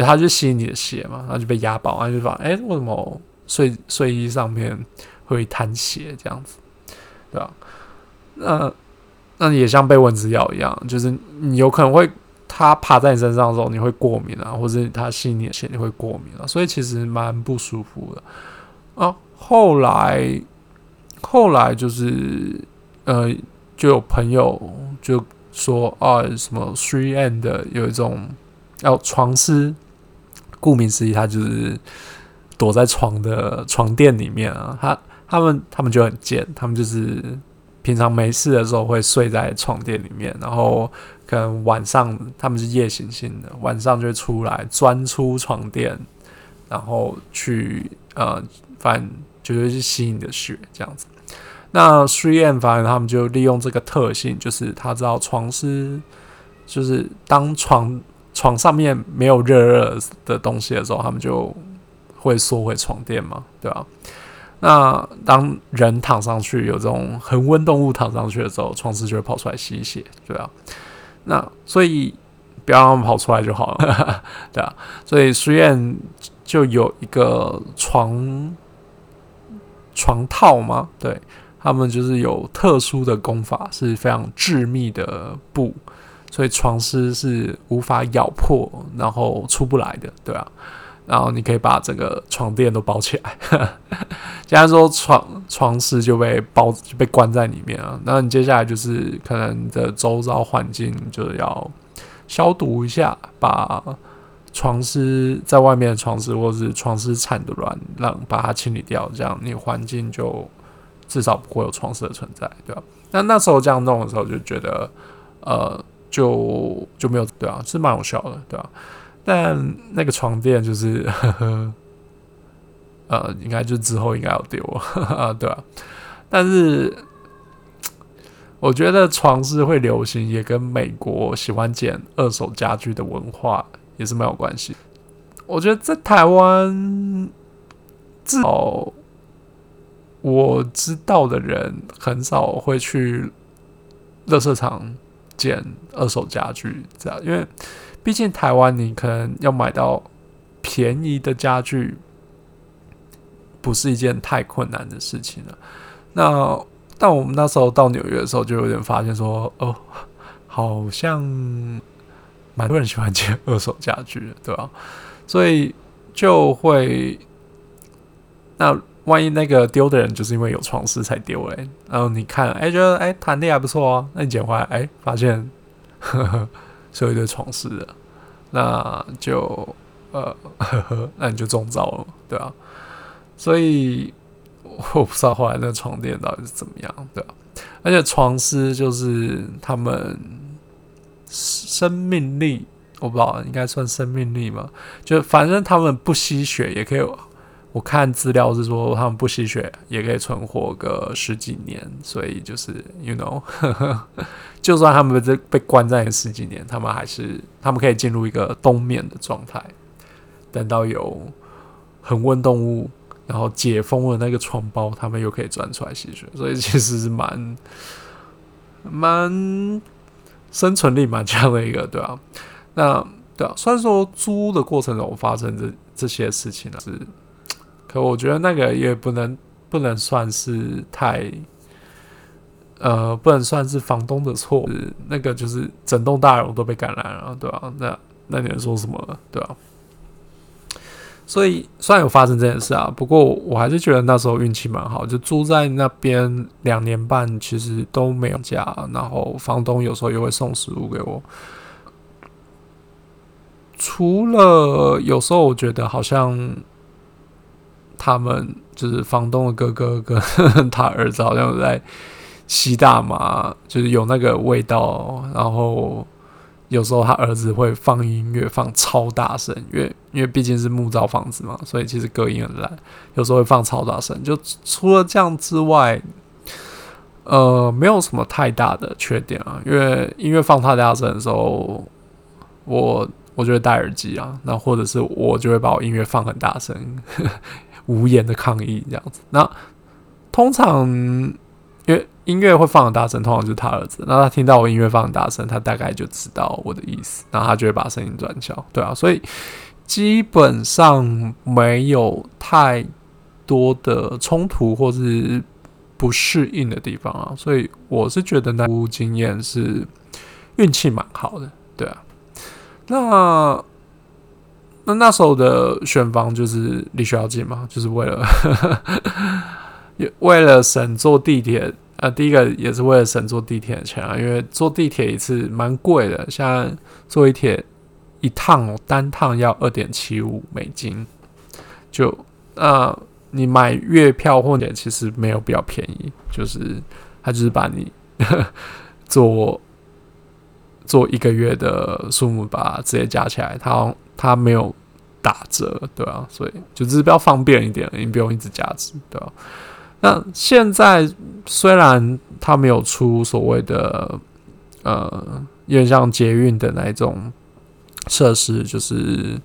了，它就吸你的血嘛，然後就被壓爆，然後就發，哎、欸，為什麼睡睡衣上面會一灘血這樣子？對吧、啊？那那也像被蚊子咬一樣，就是你有可能會。他爬在你身上的時候，你會過敏啊，或者他吸你血你會過敏啊，所以其實蠻不舒服的啊。後來，後來就是呃，就有朋友就說啊，什麼 Three and 有一種要、啊、床蝨，顧名思義，他就是躲在床的床墊裡面啊。他他們他們就很賤，他們就是。平常沒事的時候會睡在床墊裡面，然後可能晚上他們是夜行性的，晚上就會出來鑽出床墊，然後去呃，反正就是吸你的血這樣子。那 3M 反正他們就利用這個特性，就是他知道床是，就是當床床上面沒有熱熱的東西的時候，他們就會縮回床墊嘛，對吧、啊？那當人躺上去，有這種恆溫動物躺上去的時候，床蝨就會跑出來吸血，對啊。那所以不要讓他們跑出來就好了，呵呵對啊。所以雖然就有一個床床套嘛，對，他們就是有特殊的功法，是非常致密的布，所以床蝨是無法咬破，然後出不來的，對啊。然後你可以把這個床墊都包起來，哈哈，假如說床床蝨就被包就被關在裡面了，那你接下來就是可能你的周遭環境就是要消毒一下，把床蝨在外面的床蝨或是床蝨產的卵讓把它清理掉，這樣你環境就至少不會有床蝨的存在，對吧？那那時候這樣弄的時候就覺得，呃，就就沒有對啊，是蠻有效的，對吧、啊？但那個床墊就是，呵呵，呃，應該就之後應該要丟啊，對吧、啊？但是我覺得床是會流行，也跟美國喜歡撿二手家具的文化也是沒有關係。我覺得在台灣，至少我知道的人很少會去垃圾場撿二手家具這樣，因為。畢竟台灣，你可能要買到便宜的家具，不是一件太困難的事情了、啊。那但我們那時候到紐約的時候，就有點發現說，哦，好像蠻多人喜歡撿二手家具，對吧、啊？所以就會，那萬一那個丟的人就是因為有床蝨才丟哎、欸，然後你看，哎、欸，覺得哎，彈、欸、力還不錯哦、啊，那你撿回來，哎、欸，發現。呵呵所以就床蝨了，那就呃呵呵，那你就中招了，對啊，所以我不知道後來那床墊到底是怎麼樣，對吧、啊？而且床蝨就是他們生命力，我不知道應該算生命力嗎？就反正他們不吸血也可以。我看資料是說，他們不吸血也可以存活個十幾年，所以就是 you know， (laughs) 就算他們被關在十幾年，他們還是他們可以進入一個冬眠的狀態，等到有恆溫動物，然後解封了那個床包，他們又可以鑽出來吸血，所以其實是蠻蠻生存力蠻強的一個，對吧？啊，那對啊，雖然說租的過程中發生這這些事情呢是。我覺得那個也不能不能算是太，呃，不能算是房東的錯。就是、那個就是整棟大樓都被感染了，對吧、啊？那那你說什麼？對吧、啊？所以雖然有發生這件事啊，不過我還是覺得那時候運氣蠻好，就住在那邊兩年半，其實都沒有假。然後房東有時候也會送食物給我，除了有時候我覺得好像。他們就是房東的哥哥跟他兒子好像在吸大麻，就是有那個味道。然後有時候他兒子會放音樂，放超大聲，因為因為畢竟是木造房子嘛，所以其實隔音很爛。有時候會放超大聲。就除了這樣之外，呃，沒有什麼太大的缺點啊。因為音樂放太大聲的時候，我我就會戴耳機啊，那或者是我就會把我音樂放很大聲。呵呵無言的抗議這樣子，那通常因為音樂會放很大聲，通常就是他兒子。然後他聽到我音樂放很大聲，他大概就知道我的意思，然後他就會把聲音轉小，對啊，所以基本上沒有太多的衝突或是不適應的地方啊，所以我是覺得租屋經驗是運氣蠻好的，對啊，那。那那時候的選房就是離學校近嘛，就是為了 (laughs) 為了省坐地鐵。呃，第一個也是為了省坐地鐵的錢啊，因為坐地鐵一次蠻貴的，像坐地鐵一趟單趟要二點七五美金，就啊、呃，你買月票或者其實沒有比較便宜，就是他就是把你做做一個月的數目把直接加起來，他。它沒有打折，對啊，所以就只是比較方便一點，你不用一直加值，對吧，啊？那現在雖然它沒有出所謂的呃，有點像捷運的那一種設施，就是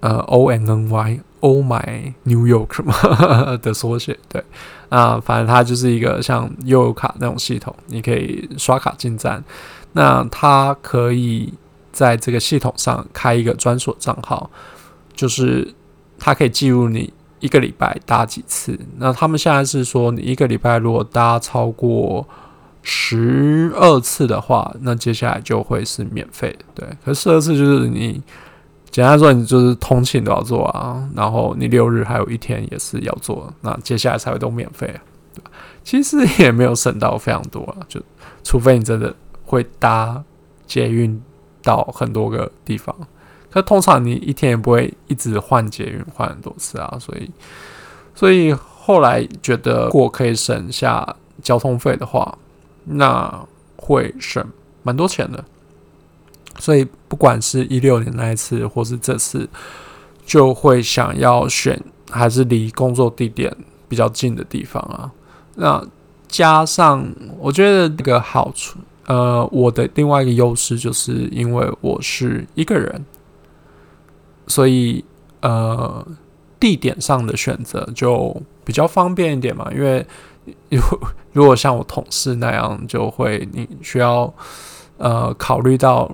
呃，O N N Y，o、oh、My New York 嘛 (laughs) 的縮寫，對。那，呃、反正它就是一個像悠遊卡那種系統，你可以刷卡進站，那它可以在這個系統上開一個專屬賬號，就是它可以記錄你一個禮拜搭幾次。那他們現在是說，你一個禮拜如果搭超過十二次的話，那接下來就會是免費。對，可是十二次就是你簡單說，你就是通勤都要做啊，然後你六日還有一天也是要做，那接下來才會都免費。其實也沒有省到非常多啊，就除非你真的會搭捷運。到很多個地方，可通常你一天也不會一直換捷運換很多次啊，所以，所以後來覺得如果可以省下交通費的話，那會省蠻多錢的。所以不管是一六年那一次，或是這次，就會想要選還是離工作地點比較近的地方啊。那加上我覺得一個好處。呃，我的另外一個優勢就是因為我是一個人，所以呃，地點上的選擇就比較方便一點嘛。因為如如果像我同事那樣，就會你需要呃考慮到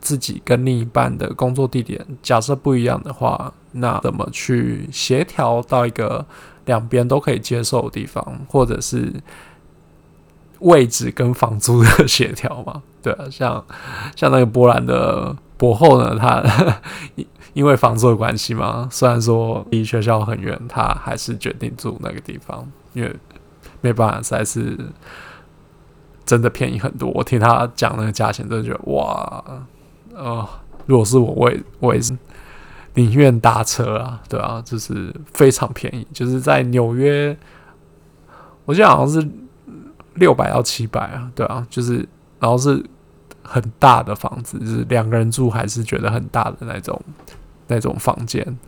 自己跟另一半的工作地點，假設不一樣的話，那怎麼去協調到一個兩邊都可以接受的地方，或者是？位置跟房租的協調嘛，對啊，像像那個波蘭的博後呢，他因因為房租的關係嘛，雖然說離學校很遠，他還是決定住那個地方，因為沒辦法，實在是真的便宜很多。我聽他講那個價錢，真的覺得哇，呃，如果是我位，我也我也是寧願搭車啊，對啊，就是非常便宜，就是在紐約，我記得好像是，六百到七百啊，對啊，就是然後是很大的房子，就是兩個人住還是覺得很大的那種那種房間。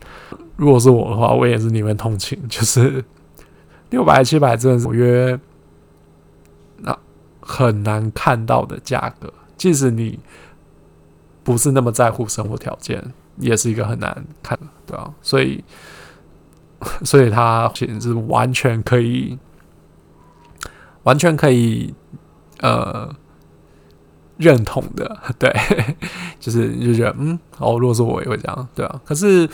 如果是我的話，我也是寧願通勤，就是六百七百，真的是約那、啊、很難看到的價格。即使你不是那麼在乎生活條件，也是一個很難看的，對啊。所以，所以他其實是完全可以。完全可以，呃，認同的，對，就是就是，嗯，哦，如果說我也會這樣，對啊。可是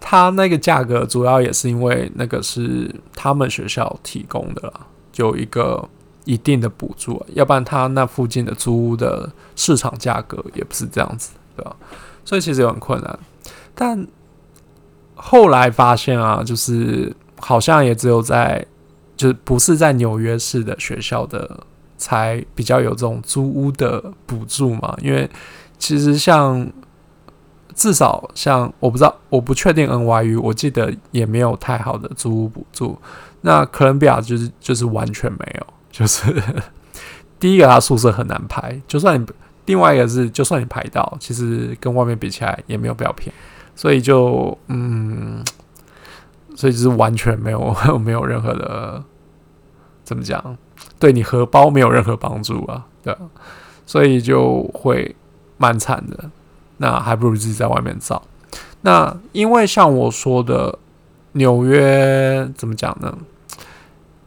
他那個價格主要也是因為那個是他們學校提供的，就一個一定的補助啊，要不然他那附近的租屋的市場價格也不是這樣子，對吧、啊？所以其實有點困難。但後來發現啊，就是好像也只有在。就是不是在紐約市的學校的才比較有這種租屋的補助嘛？因為其實像至少像我不知道，我不確定 NYU，我記得也沒有太好的租屋補助。那哥倫比亞就是就是完全沒有，就是第一個他宿舍很難排，就算你另外一個是就算你排到，其實跟外面比起來也沒有比較便宜，所以就嗯。所以就是完全沒有 (laughs) 沒有任何的怎麼講，對你荷包沒有任何幫助啊，對啊，所以就會蠻慘的。那還不如自己在外面找。那因為像我說的，紐約怎麼講呢？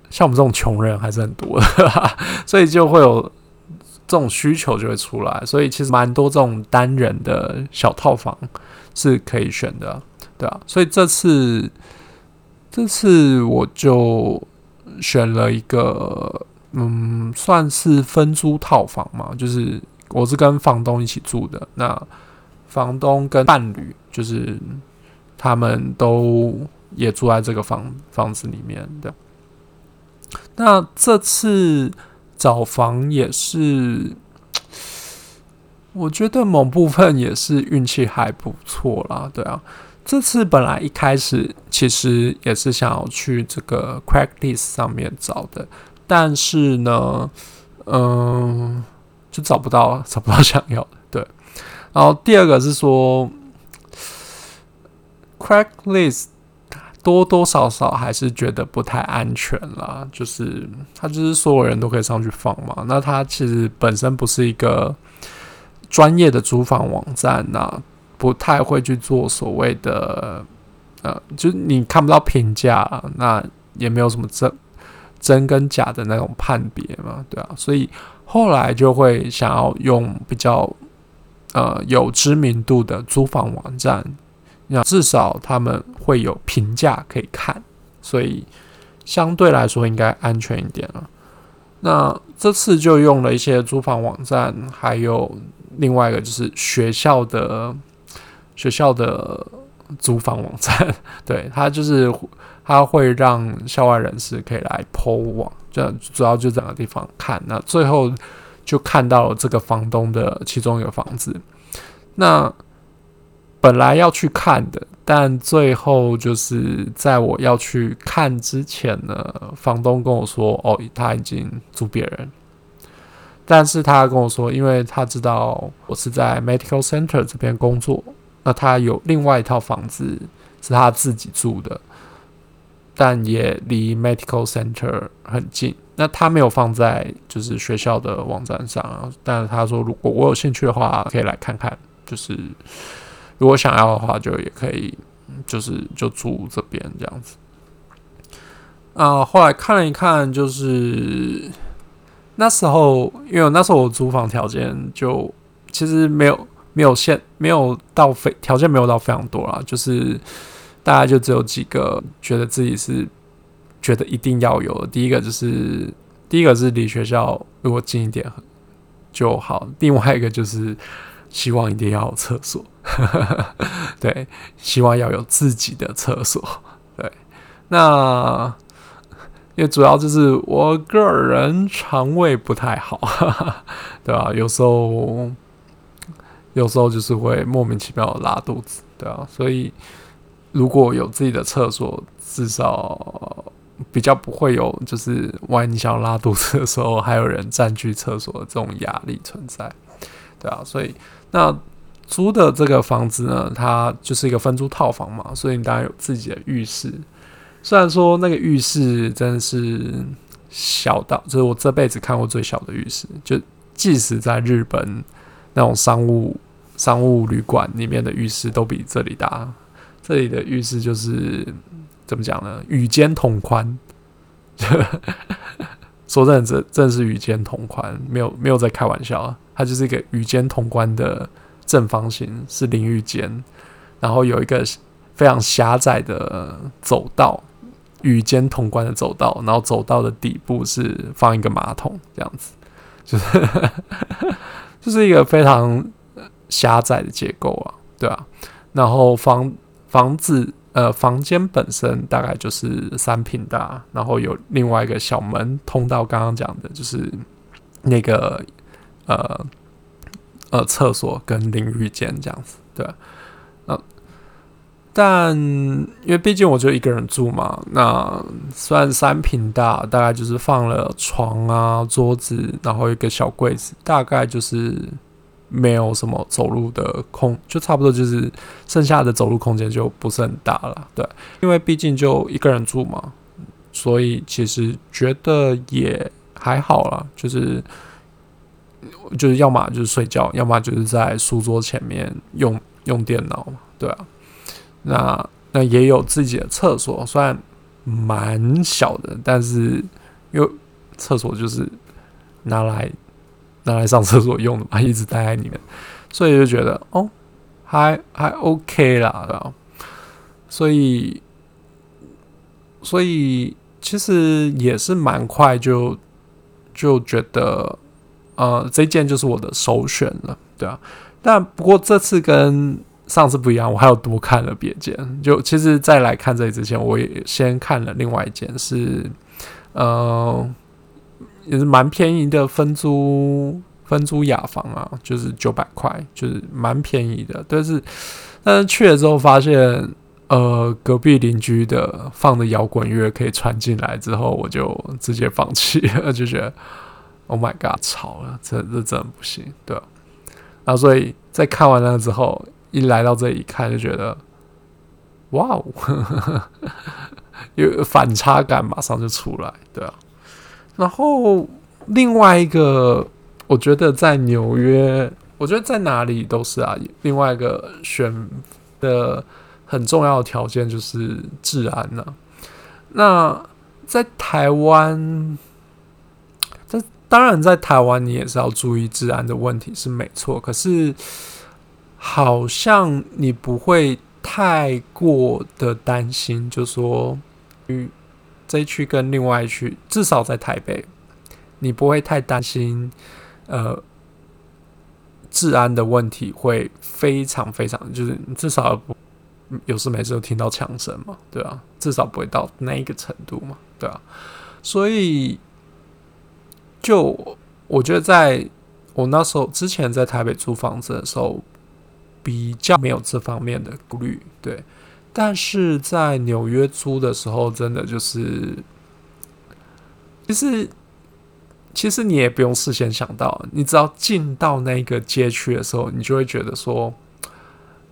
像我們這種窮人還是很多的， (laughs) 所以就會有這種需求就會出來。所以其實蠻多這種單人的小套房是可以選的，對啊，所以這次。這次我就選了一個，嗯，算是分租套房嘛，就是我是跟房東一起住的，那房東跟伴侶就是他們都也住在這個房房子裡面的。那這次找房也是，我覺得某部分也是運氣還不錯啦，對啊。這次本來一開始其實也是想要去這個 Craigslist 上面找的，但是呢，嗯、呃，就找不到，找不到想要的。對，然後第二個是說 Craigslist 多多少少還是覺得不太安全啦，就是它就是所有人都可以上去放嘛，那它其實本身不是一個專業的租房網站呐、啊。不太會去做所謂的，呃，就是你看不到評價，那也沒有什麼真真跟假的那種判別嘛，對啊，所以後來就會想要用比較呃有知名度的租房網站，那至少他們會有評價可以看，所以相對來說應該安全一點了。那這次就用了一些租房網站，還有另外一個就是學校的。學校的租房網站，對，他就是他會讓校外人士可以來 PO 網，這樣主要就這兩個地方看。那最後就看到這個房東的其中一個房子，那本來要去看的，但最後就是在我要去看之前呢，房東跟我說：“哦，他已經租別人。”但是他跟我說，因為他知道我是在 Medical Center 這邊工作。那他有另外一套房子是他自己住的，但也離 Medical Center 很近。那他沒有放在就是學校的網站上，啊，但他說如果我有興趣的話，可以來看看。就是如果想要的話，就也可以，就是就住這邊這樣子。啊，後來看了一看，就是那時候，因為那時候我租房條件就其實沒有。沒有限，沒有到非條件，沒有到非常多啦。就是大家就只有幾個覺得自己是覺得一定要有的。第一個就是，第一個是離學校如果近一點就好。另外一個就是希望一定要有廁所，呵呵呵，對，希望要有自己的廁所，對。那也主要就是我個人腸胃不太好，呵呵，對吧？啊？有時候。有時候就是會莫名其妙的拉肚子，對啊，所以如果有自己的廁所，至少，呃，比較不會有，就是萬一你想要拉肚子的時候，還有人佔據廁所的這種壓力存在，對啊，所以那租的這個房子呢，它就是一個分租套房嘛，所以你當然有自己的浴室，雖然說那個浴室真的是小到，就是我這輩子看過最小的浴室，就即使在日本。那種商務商務旅館裡面的浴室都比這裡大，這裡的浴室就是怎麼講呢？與肩同寬，說真的，這真的是與肩同寬，沒有沒有在開玩笑啊，它就是一個與肩同寬的正方形，是淋浴間，然後有一個非常狹窄的走道，與肩同寬的走道，然後走道的底部是放一個馬桶，這樣子，就是。呵呵就是一個非常狹窄的結構啊，對吧、啊？然後房房子呃房間本身大概就是三坪大，然後有另外一個小門通道，剛剛講的就是那個呃呃廁所跟淋浴間這樣子，對、啊，嗯、呃。但因為畢竟我就一個人住嘛，那算三坪大，大概就是放了床啊、桌子，然後一個小櫃子，大概就是沒有什麼走路的空，就差不多就是剩下的走路空間就不是很大了。對，因為畢竟就一個人住嘛，所以其實覺得也還好啦，就是就是要麼就是睡覺，要麼就是在書桌前面用用電腦，對啊。那那也有自己的廁所，雖然蠻小的，但是又廁所就是拿來拿來上廁所用的嘛，一直待在裡面，所以就覺得哦，還還 OK 啦，然後、啊、所以所以其實也是蠻快就就覺得呃，這件就是我的首選了，對啊，但不過這次跟。上次不一樣，我還有多看了別間。就其實再來看這裡之前，我也先看了另外一間是，是呃也是蠻便宜的分租分租雅房啊，就是九百塊，就是蠻便宜的。但是但是去了之後發現，呃，隔壁鄰居的放的搖滾樂可以傳進來，之後我就直接放棄了，就覺得 Oh my God，吵了，這這真不行，對，然後所以在看完了之後。一來到這一看就覺得，哇哦，有反差感馬上就出來，對啊。然後另外一個，我覺得在紐約，我覺得在哪裡都是啊。另外一個選的很重要的條件就是治安呢、啊。那在台灣，但當然在台灣你也是要注意治安的問題是沒錯，可是。好像你不會太過的擔心，就說嗯，這一區跟另外一區，至少在台北，你不會太擔心呃治安的問題會非常非常，就是你至少有事沒事都聽到槍聲嘛，對啊，至少不會到那個程度嘛，對啊，所以就我覺得在我那時候之前在台北租房子的時候。比較沒有這方面的顧慮，對。但是在紐約租的時候，真的就是，其實其實你也不用事先想到，你只要進到那個街區的時候，你就會覺得說，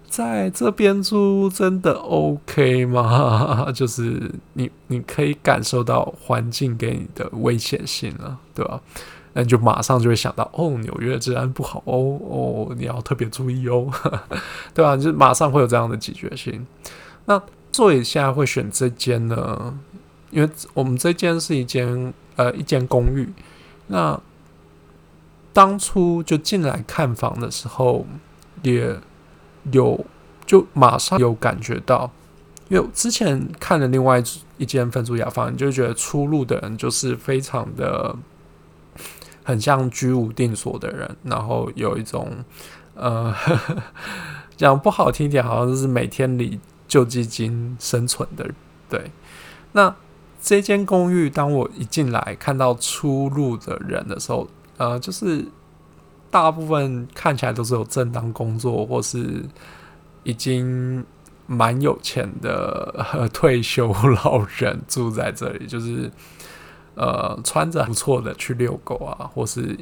在這邊租真的 OK 嗎？就是你你可以感受到環境給你的危險性了，對吧？那你就馬上就會想到哦，紐約治安不好哦哦，你要特別注意哦，呵呵對吧、啊？就是、馬上會有這樣的警覺性。那做一下會選這間呢？因為我們這間是一間呃一間公寓。那當初就進來看房的時候，也有就馬上有感覺到，因為之前看了另外一間分租雅房，你就覺得出入的人就是非常的。很像居無定所的人，然後有一種，呃，呵呵講不好聽一點，好像就是每天領救濟金生存的人。對，那這間公寓，當我一進來看到出入的人的時候，呃，就是大部分看起來都是有正當工作或是已經蠻有錢的、呃、退休老人住在這裡，就是。呃，穿着不錯的去遛狗啊，或是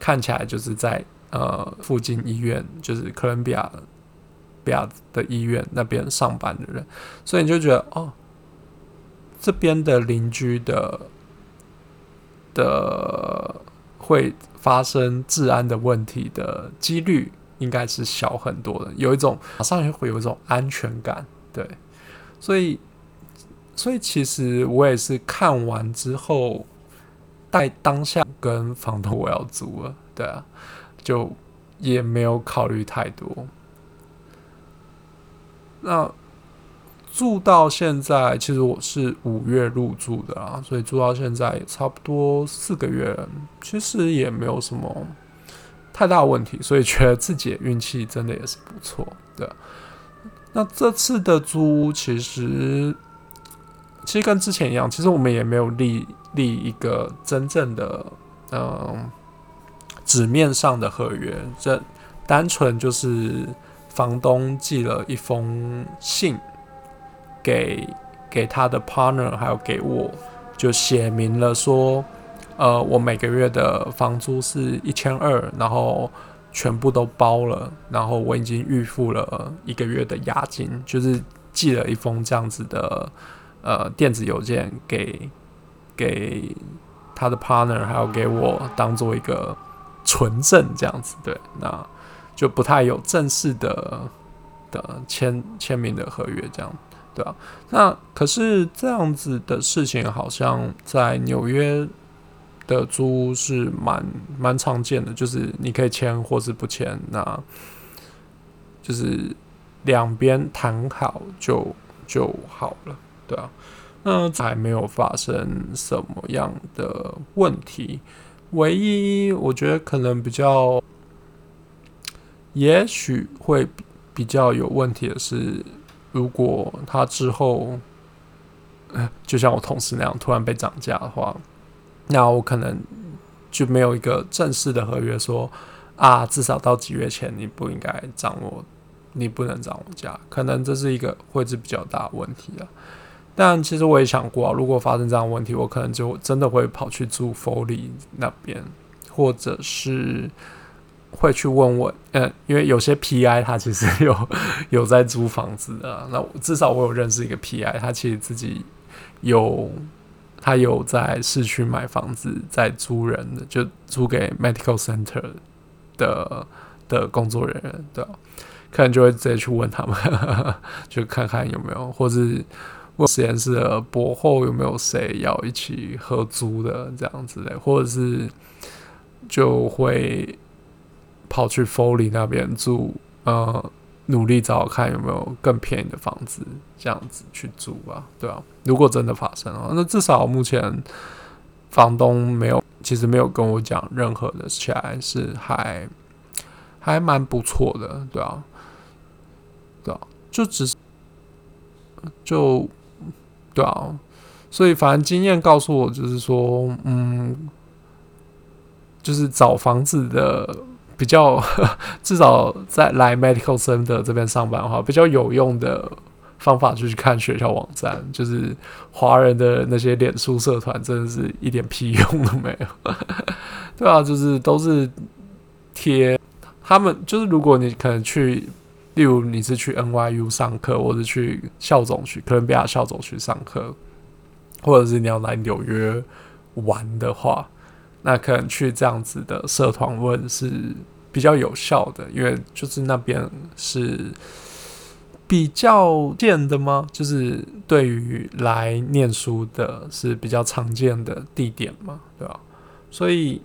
看起來就是在呃附近醫院，就是哥倫比亞，比亞的醫院那邊上班的人，所以你就覺得哦，這邊的鄰居的的會發生治安的問題的幾率應該是小很多的，有一種馬上也會有一種安全感，對，所以。所以其實我也是看完之後，在當下跟房東我要租了，對啊，就也沒有考慮太多。那住到現在，其實我是五月入住的啊，所以住到現在也差不多四個月，其實也沒有什麼太大問題，所以覺得自己運氣真的也是不錯的，對啊。那這次的租其實。其實跟之前一樣，其實我們也沒有立立一個真正的嗯呃、紙面上的合約，這單純就是房東寄了一封信給給他的 partner，還有給我，就寫明了說，呃，我每個月的房租是一千二，然後全部都包了，然後我已經預付了一個月的押金，就是寄了一封這樣子的。呃，電子郵件給給他的 partner，還有給我當做一個存證這樣子，對，那就不太有正式的的簽簽名的合約這樣，對啊，那可是這樣子的事情，好像在紐約的租屋是蠻蠻常見的，就是你可以簽或是不簽，那就是兩邊談好就就好了。對啊，那還沒有發生什麼樣的問題。唯一我覺得可能比較，也許會比較有問題的是，如果他之後，就像我同事那樣突然被漲價的話，那我可能就沒有一個正式的合約說啊，至少到幾月前你不應該漲我，你不能漲我價，可能這是一個會是比較大的問題的。但其實我也想過啊，如果發生這樣的問題，我可能就真的會跑去住 folly 那邊，或者是會去問問，嗯、呃，因為有些 PI 他其實有有在租房子的，那至少我有認識一個 PI，他其實自己有他有在市區買房子，在租人的就租給 Medical Center 的的工作人員的、啊，可能就會直接去問他們， (laughs) 就看看有沒有，或者。.我實驗室的博後有沒有誰要一起合租的這樣子的，或者是就會跑去 Foley 那邊住，呃，努力找看有沒有更便宜的房子這樣子去住吧，對啊。如果真的發生了，那至少目前房東沒有，其實沒有跟我講任何的事，還是還還蠻不錯的，對啊。對啊，就只是就。對啊，所以反正經驗告訴我，就是說，嗯，就是找房子的比較， (laughs) 至少在來 Medical 生的這邊上班的話，比較有用的方法就是看學校網站，就是華人的那些臉書社團，真的是一點屁用都沒有。 (laughs) 對啊，就是都是貼他們，就是如果你可能去。例如你是去 NYU 上課，或者去校總去哥倫比亞校總去上課，或者是你要來紐約玩的話，那可能去這樣子的社團問是比較有效的，因為就是那邊是比較見的嗎？就是對於來念書的是比較常見的地點嘛，對吧？所以。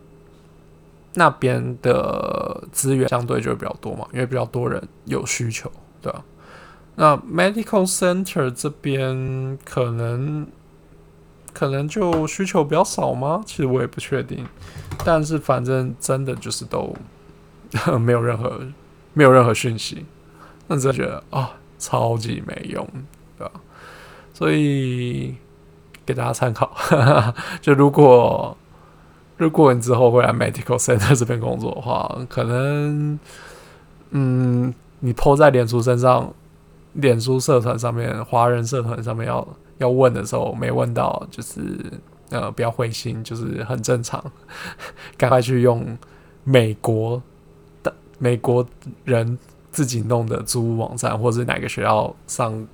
那邊的資源相對就比較多嘛，因為比較多人有需求，對吧、啊？那 Medical Center 這邊可能可能就需求比較少嗎？其實我也不確定，但是反正真的就是都沒有任何沒有任何訊息，那真的覺得啊、哦，超級沒用，對吧、啊？所以給大家參考， (laughs) 就如果。如果你之後會來 Medical Center 這邊工作的話，可能，嗯，你 po 在臉書身上、臉書社團上面、華人社團上面要要問的時候沒問到，就是呃，不要灰心，就是很正常。趕 (laughs) 快去用美國的美國人自己弄的租屋網站，或是哪個學校上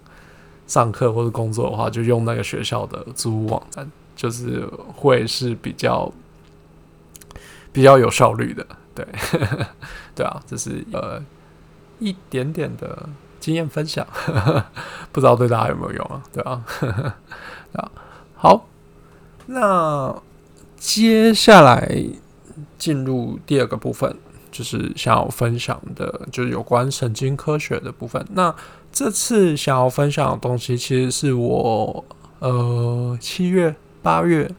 上課或是工作的話，就用那個學校的租屋網站，就是會是比較。比較有效率的，對，呵呵對啊，這是呃一點點的經驗分享呵呵，不知道對大家有沒有用啊？對啊，呵呵對啊，好，那接下來進入第二個部分，就是想要分享的，就是有關神經科學的部分。那這次想要分享的東西，其實是我呃七月八月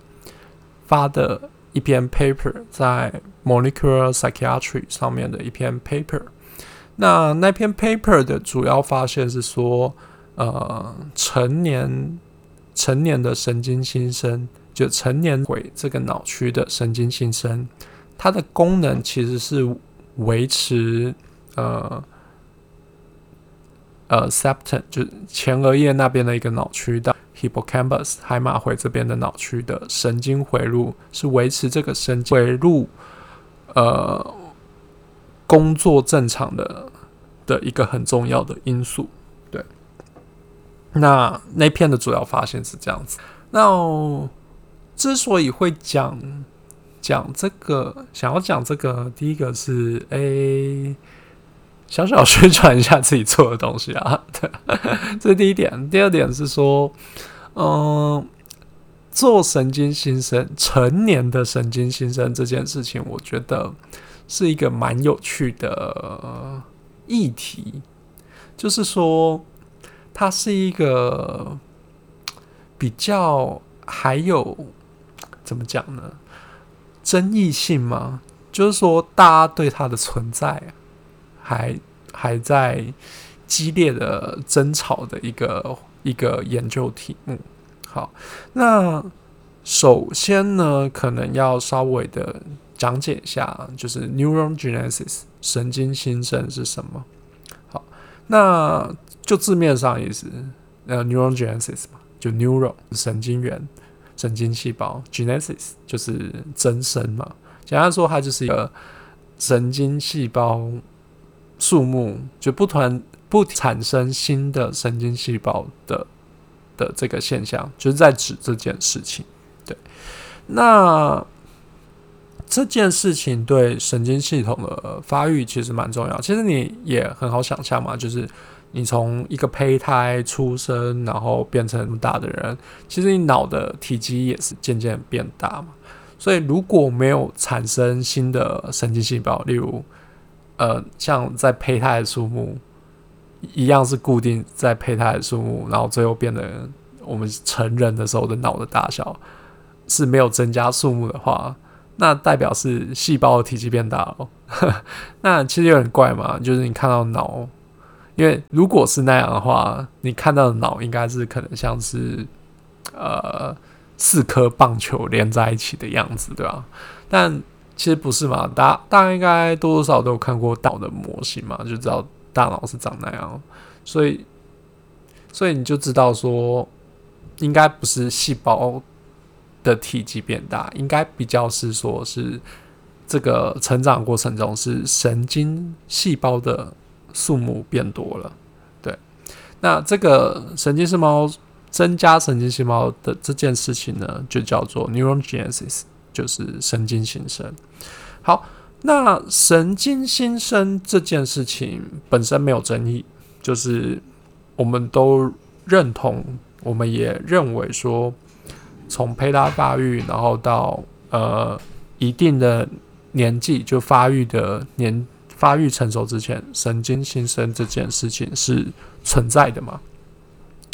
發的。一篇 paper 在《Molecular Psychiatry》上面的一篇 paper，那那篇 paper 的主要發現是說，呃，成年成年的神經新生，就成年鬼這個腦區的神經新生，它的功能其實是維持呃呃 septum，就是前額葉那邊的一個腦區的。Hippocampus 海馬迴這邊的腦區的神經回路，是維持這個神經回路呃工作正常的的一個很重要的因素。對，那那篇的主要發現是這樣子。那之所以會講講這個，想要講這個，第一個是 A。欸小小宣傳一下自己做的東西啊，對，這是第一點。第二點是說，嗯，做神經新生，成年的神經新生這件事情，我覺得是一個蠻有趣的議題。就是說，它是一個比較還有怎麼講呢？爭議性嘛，就是說，大家對它的存在啊。還還在激烈的爭吵的一個一個研究題目，嗯。好，那首先呢，可能要稍微的講解一下，就是 neurogenesis 神經新生是什麼？好，那就字面上意思，呃，neurogenesis 嘛，就 neuro 神經元、神經細胞，genesis 就是增生嘛。簡單說，它就是一個神經細胞。樹木就不團不產生新的神經細胞的的這個現象，就是在指這件事情。對，那這件事情對神經系統的發育其實蠻重要。其實你也很好想象嘛，就是你從一個胚胎出生，然後變成這麼大的人，其實你腦的體積也是漸漸變大嘛。所以如果沒有產生新的神經細胞，例如。呃，像在胚胎的數目一樣是固定在胚胎的數目，然後最後變成我們成人的時候的腦的大小，是沒有增加數目的話，那代表是細胞的體積變大了。 (laughs) 那其實有點怪嘛，就是你看到腦，因為如果是那樣的話，你看到的腦應該是可能像是呃四顆棒球連在一起的樣子，對吧？啊？但其實不是嘛，大大家應該多多少少都有看過腦的模型嘛，就知道大腦是長那樣，所以所以你就知道說，應該不是細胞的體積變大，應該比較是說是這個成長過程中是神經細胞的數目變多了，對，那這個神經細胞增加神經細胞的這件事情呢，就叫做 neurogenesis。就是神經新生，好，那神經新生這件事情本身沒有爭議，就是我們都認同，我們也認為說，從胚胎發育，然後到呃一定的年紀就發育的年發育成熟之前，神經新生這件事情是存在的嘛，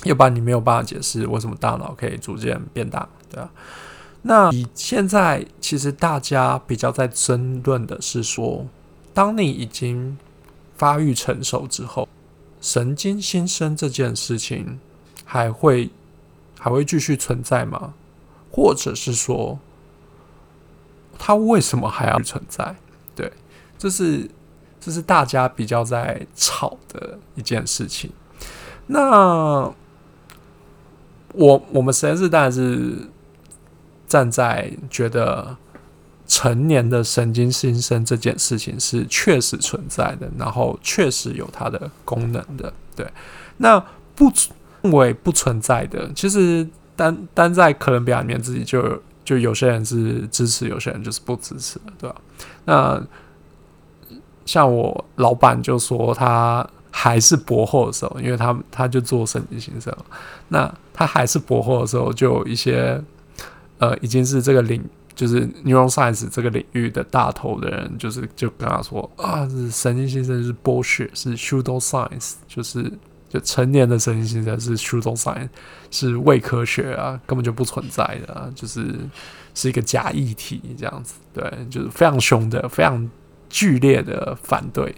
要不然你沒有辦法解釋為什麼大腦可以逐漸變大，對吧、啊？那你現在其實大家比較在爭論的是說，當你已經發育成熟之後，神經新生這件事情還會還會繼續存在嗎？或者是說，它為什麼還要存在？對，這是這是大家比較在吵的一件事情。那我我們實驗室當然是。站在覺得成年的神經新生這件事情是確實存在的，然後確實有它的功能的，對。那不為不存在的，其實單單在哥倫比亞裡面自己就就有些人是支持，有些人就是不支持的，對吧？那像我老板就說，他還是博後的時候，因為他他就做神經新生，那他還是博後的時候就有一些。呃，已經是這個領就是 neuroscience 這個領域的大頭的人，就是就跟他說啊，是神經新生，是 bullshit，是 pseudo-science，就是就成年的神經新生，是 pseudo-science，是偽科學啊，根本就不存在的，啊。就是是一個假議題這樣子。對，就是非常凶的，非常劇烈的反對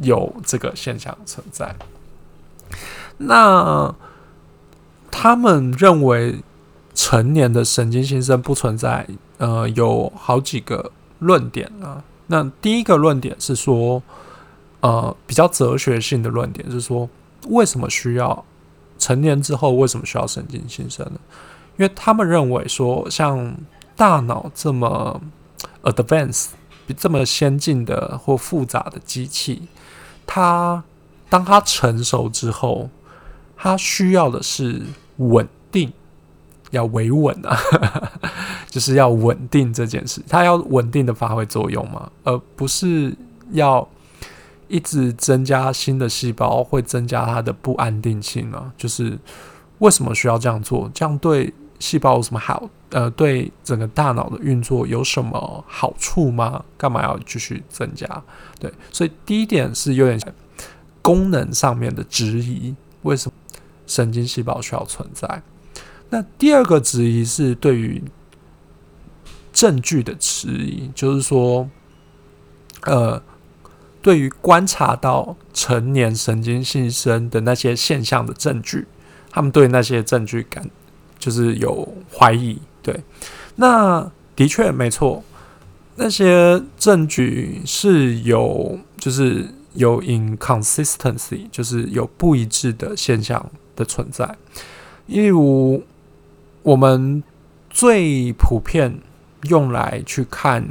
有這個現象存在。那他們認為。成年的神經新生不存在，呃，有好幾個論點啊。那第一個論點是說，呃，比較哲學性的論點是說，為什麼需要成年之後？為什麼需要神經新生呢？因為他們認為說，像大腦這麼 advanced、比這麼先進的或複雜的機器，它當它成熟之後，它需要的是穩定。要維穩啊， (laughs) 就是要穩定這件事，它要穩定的發揮作用嗎？而不是要一直增加新的細胞，會增加它的不安定性呢？就是為什麼需要這樣做？這樣對細胞有什麼好？呃，對整個大腦的運作有什麼好處嗎？幹嘛要繼續增加？對，所以第一點是有點功能上面的質疑：為什麼神經細胞需要存在？那第二個質疑是對於證據的質疑，就是說，呃，對於觀察到成年神經新生的那些現象的證據，他們對那些證據感就是有懷疑。對，那的確沒錯，那些證據是有，就是有 inconsistency，就是有不一致的現象的存在，例如。我們最普遍用來去看，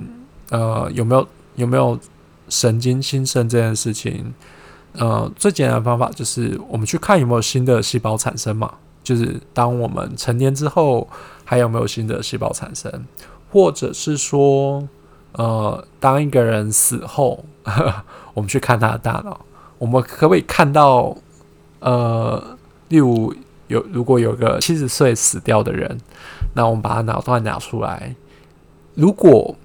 呃，有沒有有沒有神經新生這件事情，呃，最簡單的方法就是我們去看有沒有新的細胞產生嘛，就是當我們成年之後還有沒有新的細胞產生，或者是說，呃，當一個人死後，呵呵我們去看他的大腦，我們可不可以看到，呃，例如。有，如果有個七十歲死掉的人，那我們把他腦袋拿出來，如果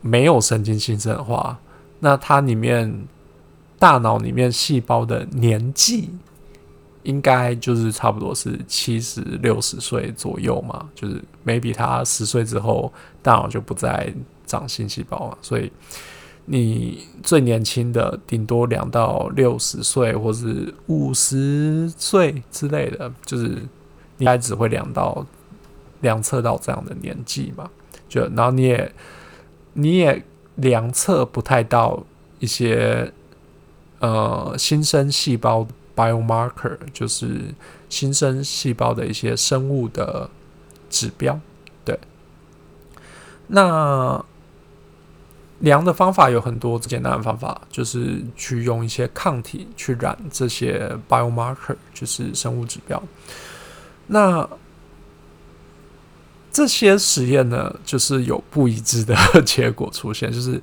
沒有神經新生的話，那他裡面大腦裡面細胞的年紀應該就是差不多是七十、六十歲左右嘛，就是 maybe 他十歲之後大腦就不再長新細胞了，所以。你最年輕的頂多量到六十歲，或是五十歲之類的，就是你還只會量到量測到這樣的年紀嘛？就然後你也你也量測不太到一些呃新生細胞 biomarker，就是新生細胞的一些生物的指標，對，那。量的方法有很多，簡單的方法就是去用一些抗體去染這些 biomarker，就是生物指標。那這些實驗呢，就是有不一致的結果出現，就是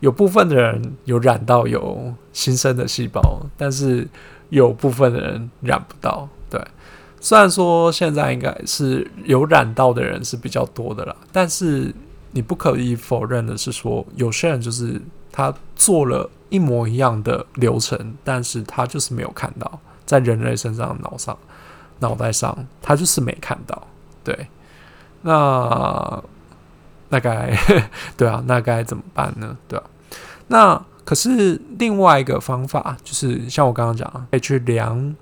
有部分的人有染到有新生的細胞，但是有部分的人染不到。對，雖然說現在應該是有染到的人是比較多的啦，但是。你不可以否認的是說，說有些人就是他做了一模一樣的流程，但是他就是沒有看到在人類身上腦上腦袋上，他就是沒看到。對，那那該 (laughs) 對啊，那該怎麼辦呢？對啊，那可是另外一個方法，就是像我剛剛講，可以去量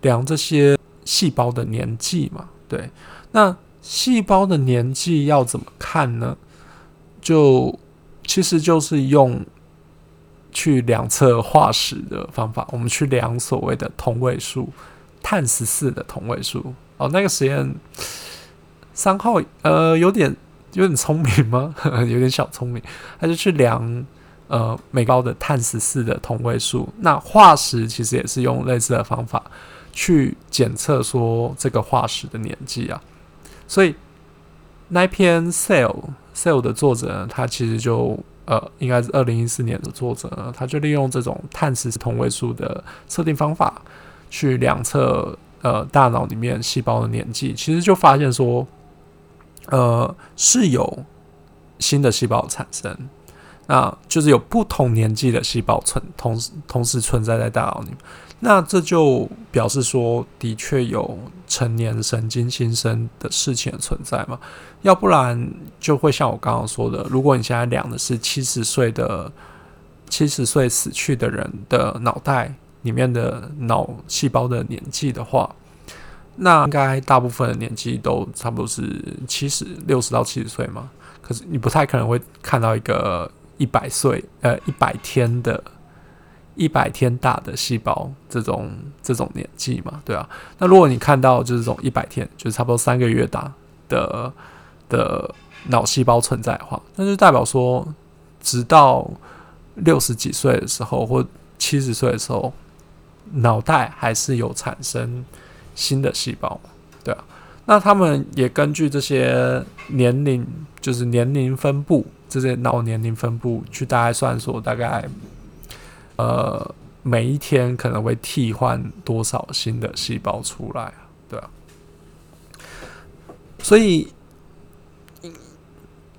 量這些細胞的年紀嘛。對，那。細胞的年紀要怎麼看呢？就其實就是用去量測化石的方法，我們去量所謂的同位素碳十四的同位素。哦，那個實驗三號呃有點有點聰明嗎？ (laughs) 有點小聰明，他就去量呃美高的碳十四的同位素。那化石其實也是用類似的方法去檢測說這個化石的年紀啊。所以那篇《Cell》《Cell》的作者呢，他其實就呃，應該是二零一四年的作者呢，他就利用這種碳十四同位素的測定方法去量測呃大腦裡面細胞的年紀，其實就發現說，呃，是有新的細胞的產生，那就是有不同年紀的細胞存同同時存在在大腦裡面，那這就表示說的確有。成年神經新生的事情的存在嗎？要不然就會像我剛剛說的，如果你現在量的是七十歲的七十歲死去的人的腦袋裡面的腦細胞的年紀的話，那應該大部分的年紀都差不多是七十、六十到七十歲嘛。可是你不太可能會看到一個一百歲，呃，一百天的。一百天大的細胞，這種這種年紀嘛，對啊。那如果你看到就是這種一百天，就是差不多三個月大的的腦細胞存在的話，那就代表說，直到六十幾歲的時候或七十歲的時候，腦袋還是有產生新的細胞，對啊。那他們也根據這些年齡，就是年齡分布，這些腦年齡分布去大概算說，大概。呃，每一天可能會替換多少新的細胞出來啊。對啊。所以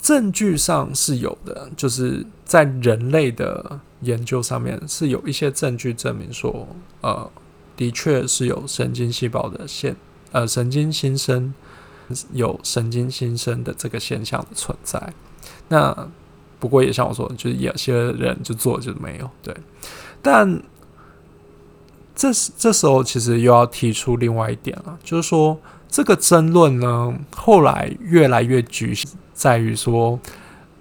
證據上是有的，就是在人類的研究上面是有一些證據證明說，呃，的確是有神經細胞的現，呃，神經新生有神經新生的這個現象的存在。那不過也像我說，就是有些人就做，就是沒有對。但這是這時候，其實又要提出另外一點了啊，就是說這個爭論呢，後來越來越局限在於說，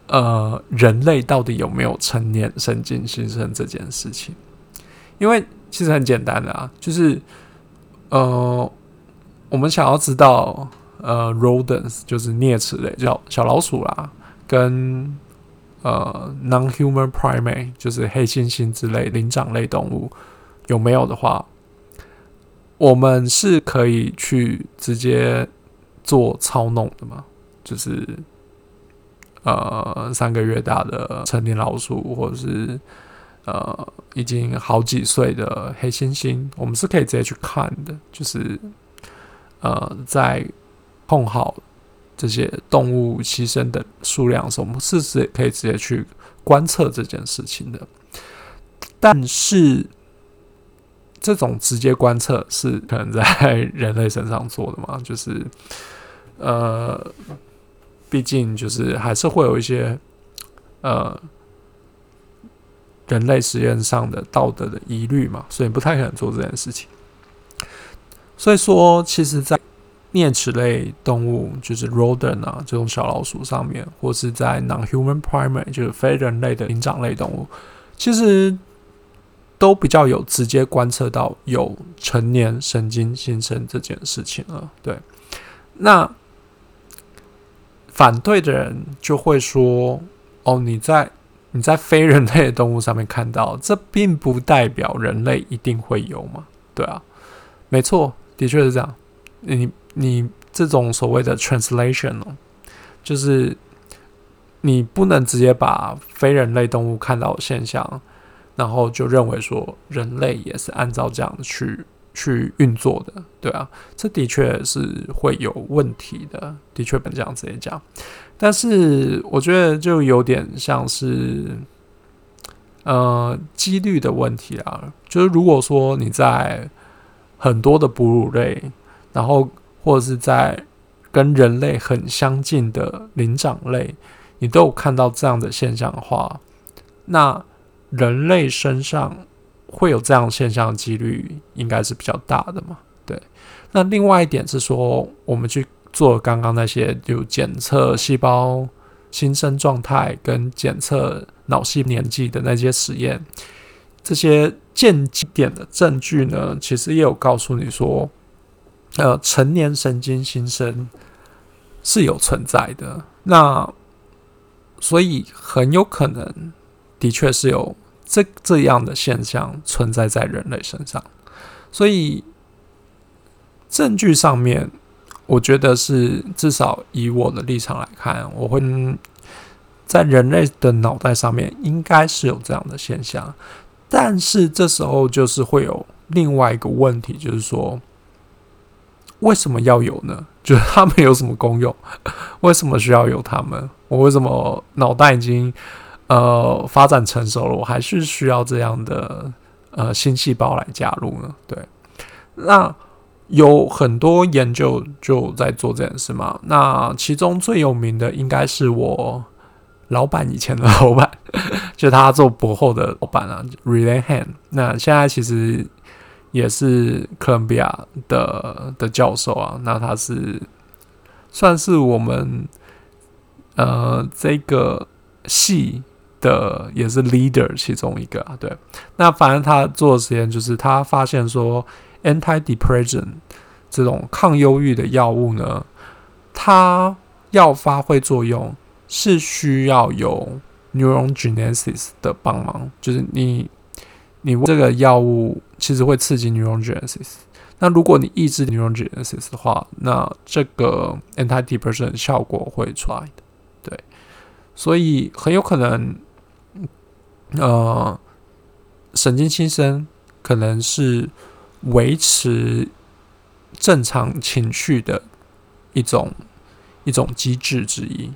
呃，人類到底有沒有成年神經新生這件事情？因為其實很簡單的啊，就是呃，我們想要知道，呃，rodents 就是齧齒類，叫小，小老鼠啦，跟呃，non-human primate 就是黑猩猩之類靈長類動物，有沒有的話，我們是可以去直接做操弄的嗎？就是呃，三個月大的成年老鼠，或者是呃，已經好幾歲的黑猩猩，我們是可以直接去看的，就是呃，在控好。這些動物犧牲的數量的時候，我們是直可以直接去觀測這件事情的。但是，這種直接觀測是可能在人類身上做的嘛？就是，呃，畢竟就是還是會有一些呃人類實驗上的道德的疑慮嘛，所以不太可能做這件事情。所以說，其實，在齧齒類動物就是 rodent 啊，這種小老鼠上面，或是在 non-human primate，就是非人類的靈長類動物，其實都比較有直接觀測到有成年神經新生這件事情了。對，那反對的人就會說：哦，你在你在非人類的動物上面看到，這並不代表人類一定會有嘛？對啊，沒錯，的確是這樣。你你這種所謂的 translation 就是你不能直接把非人類動物看到的現象，然後就認為說人類也是按照這樣去去運作的，對啊，這的確是會有問題的，的確不能這樣子講。但是我覺得就有點像是呃幾率的問題啊，就是如果說你在很多的哺乳類，然後或者是在跟人類很相近的靈長類，你都有看到這樣的現象的話，那人類身上會有這樣的現象的幾率應該是比較大的嘛？對。那另外一點是說，我們去做剛剛那些就檢測細胞新生狀態跟檢測腦細年紀的那些實驗，這些間接的證據呢，其實也有告訴你說。呃，成年神經新生是有存在的，那所以很有可能的確是有這這樣的現象存在在人類身上，所以證據上面，我覺得是至少以我的立場來看，我會在人類的腦袋上面應該是有這樣的現象，但是這時候就是會有另外一個問題，就是說。為什麼要有呢？就是他們有什麼功用？為什麼需要有他們？我為什麼腦袋已經呃發展成熟了，我還是需要這樣的呃新細胞來加入呢？對，那有很多研究就在做這件事嘛。那其中最有名的應該是我老板以前的老板， (laughs) 就是他做博後的老板啊，Relay Han。那現在其實。也是哥倫比亞的的教授啊，那他是算是我們呃這個系的也是 leader 其中一個啊，對。那反正他做的實驗就是，他發現說，antidepressant 這種抗憂鬱的藥物呢，它要發揮作用是需要有 neurogenesis 的幫忙，就是你。你這個藥物其實會刺激 neurogenesis，那如果你抑制 neurogenesis 的話，那這個 antidepressant 效果會出來的。對，所以很有可能，呃，神經新生可能是維持正常情緒的一種一種機制之一。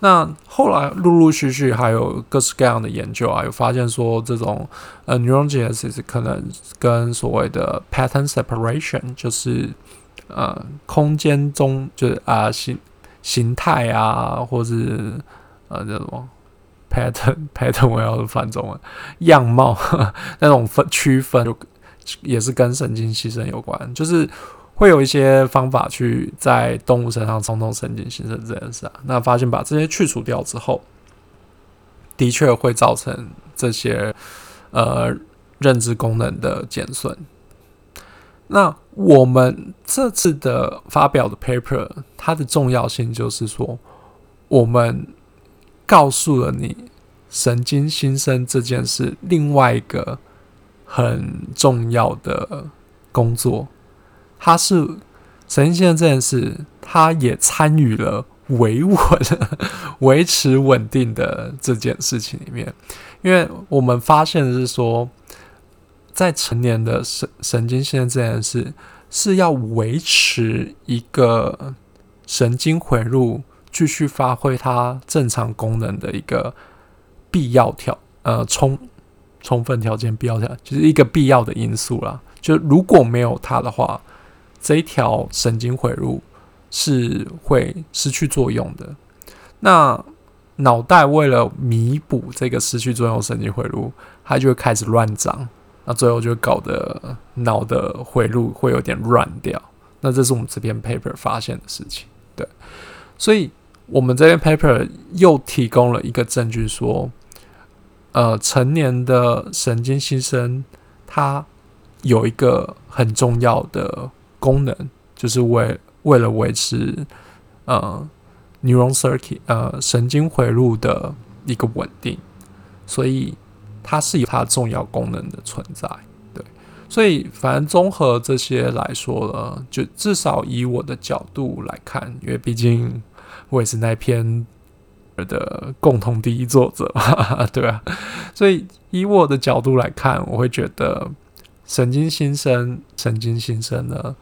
那後來陸陸續續還有各式各樣的研究啊,有發現說這種呃，neurogenesis 可能跟所謂的 pattern separation 就是呃空間中就是啊、呃、形形態啊，或是呃這種 pattern pattern 我要是翻中文樣貌呵呵那種分區分就，也是跟神經新生有關，就是。會有一些方法去在動物身上操縱神經新生這件事啊，那發現把這些去除掉之後，的確會造成這些呃認知功能的減損。那我們這次的發表的 paper，它的重要性就是說，我們告訴了你神經新生這件事，另外一個很重要的工作。他是神經線這件事，他也參與了維穩、維持穩定的這件事情裡面。因為我們發現的是說，在成年的神神經線這件事，是要維持一個神經回路繼續發揮它正常功能的一個必要條，呃，充充分條件，必要條，就是一個必要的因素啦。就如果沒有它的話，這一條神經回路是會失去作用的。那腦袋為了彌補這個失去作用神經回路，它就會開始亂長。那最後就搞得腦的回路會有點亂掉。那這是我們這篇 paper 發現的事情。對，所以我們這篇 paper 又提供了一個證據說，呃，成年的神經新生它有一個很重要的。功能就是為為了維持呃 neuron circuit 呃，神經回路的一個穩定，所以它是有它重要功能的存在。對，所以反正綜合這些來說呢，就至少以我的角度來看，因為畢竟我也是那篇的共同第一作者嘛，對吧、啊？所以以我的角度來看，我會覺得。神經新生，神經新生呢，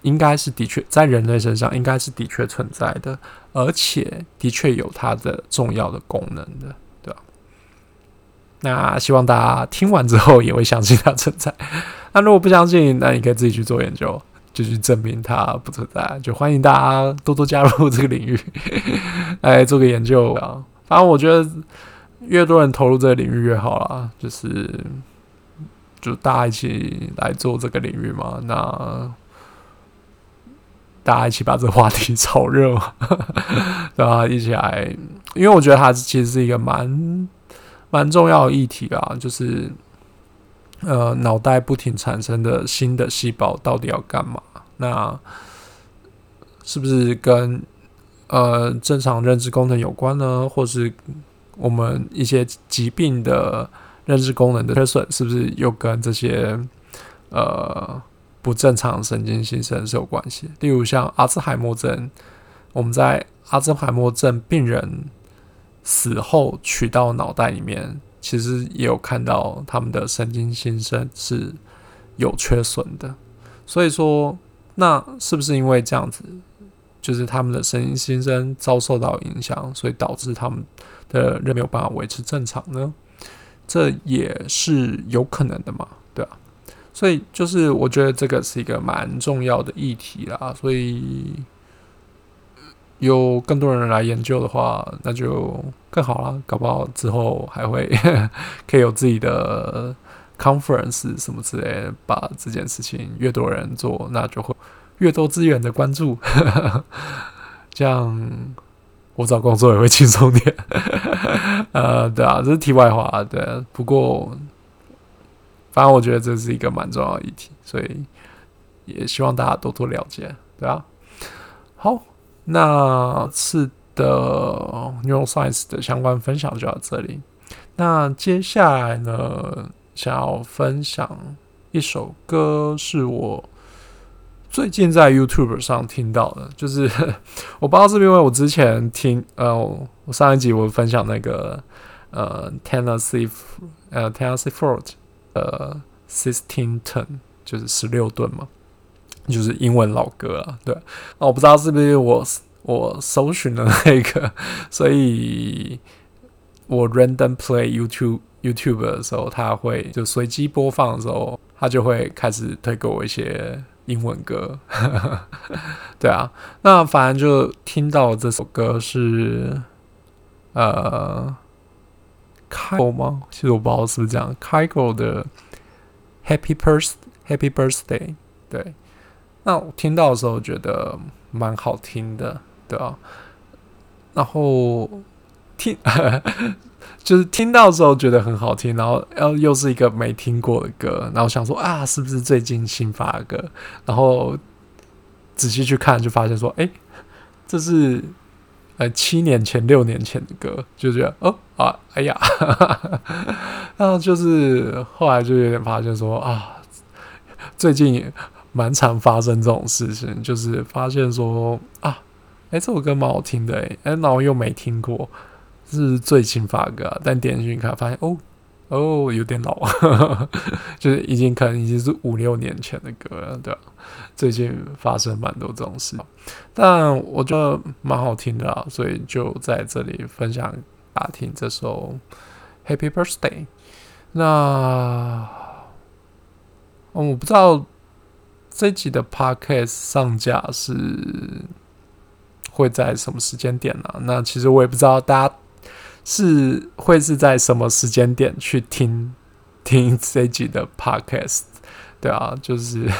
應該是的確在人類身上應該是的確存在的，而且的確有它的重要的功能的，對吧、啊？那希望大家聽完之後也會相信它存在。那、啊、如果不相信，那你可以自己去做研究，就去證明它不存在。就歡迎大家多多加入這個領域， (laughs) 來做個研究啊！ (laughs) 反正我覺得越多人投入這個領域越好啦，就是。就大家一起來做這個領域嘛？那大家一起把這個話題炒熱，然後、嗯 (laughs) 啊、一起來，因為我覺得它其實是一個蠻蠻重要的議題吧、啊。就是呃，腦袋不停產生的新的細胞到底要幹嘛？那是不是跟呃正常認知功能有關呢？或是我們一些疾病的？認知功能的缺損是不是又跟這些呃不正常的神經新生是有關係？例如像阿茲海默症，我們在阿茲海默症病人死後取到腦袋裡面，其實也有看到他們的神經新生是有缺損的。所以說，那是不是因為這樣子，就是他們的神經新生遭受到影響，所以導致他們的人沒有辦法維持正常呢？這也是有可能的嘛，對啊，所以就是我覺得這個是一個蠻重要的議題啦，所以有更多人來研究的話，那就更好了。搞不好之後還會 (laughs) 可以有自己的 conference 什麼之類的，把這件事情越多人做，那就會越多資源的關注， (laughs) 這樣。我找工作也會輕鬆點， (laughs) 呃，對啊，這是題外話啊，對啊。不過，反正我覺得這是一個蠻重要的議題，所以也希望大家多多了解，對啊。好，那次的 neuroscience 的相關分享就到這裡。那接下來呢，想要分享一首歌，是我。最近在 YouTube 上聽到的，就是我不知道是不是因為我之前聽呃，我上一集我分享那個呃 Tennessee 呃 Tennessee Ford 呃 Sixteen Ton 就是十六噸嘛，就是英文老歌啊，對，啊，我不知道是不是我我搜尋的那個，所以我 random play YouTube YouTube 的時候，它會就隨機播放的時候，它就會開始推給我一些。英文歌呵呵，對啊，那反正就聽到這首歌是，呃，Kygo 嗎？其實我不好意思講，Kygo 的《Happy Birth Happy Birthday》，對，那我聽到的時候覺得蠻好聽的，對啊，然後。聽呵呵，就是聽到的時候覺得很好聽，然後要又是一個沒聽過的歌，然後想說啊，是不是最近新發的歌？然後仔細去看，就發現說，哎、欸，這是呃、欸、七年前、六年前的歌，就覺得哦啊，哎呀，然後就是後來就有點發現說啊，最近也蠻常發生這種事情，就是發現說啊，哎、欸，這首歌蠻好聽的、欸，哎、欸，然後又沒聽過。是最近發的歌、啊，但點進去一看，發現哦，哦，有點老呵呵，就是已經可能已經是五六年前的歌了，對吧、啊？最近發生蠻多這種事，但我覺得蠻好聽的、啊，所以就在這裡分享、打聽這首《Happy Birthday》那。那、嗯、我不知道這集的 Podcast 上架是會在什麼時間點呢、啊？那其實我也不知道大家。是會是在什麼時間點去聽聽這集的 podcast？對啊，就是 (laughs)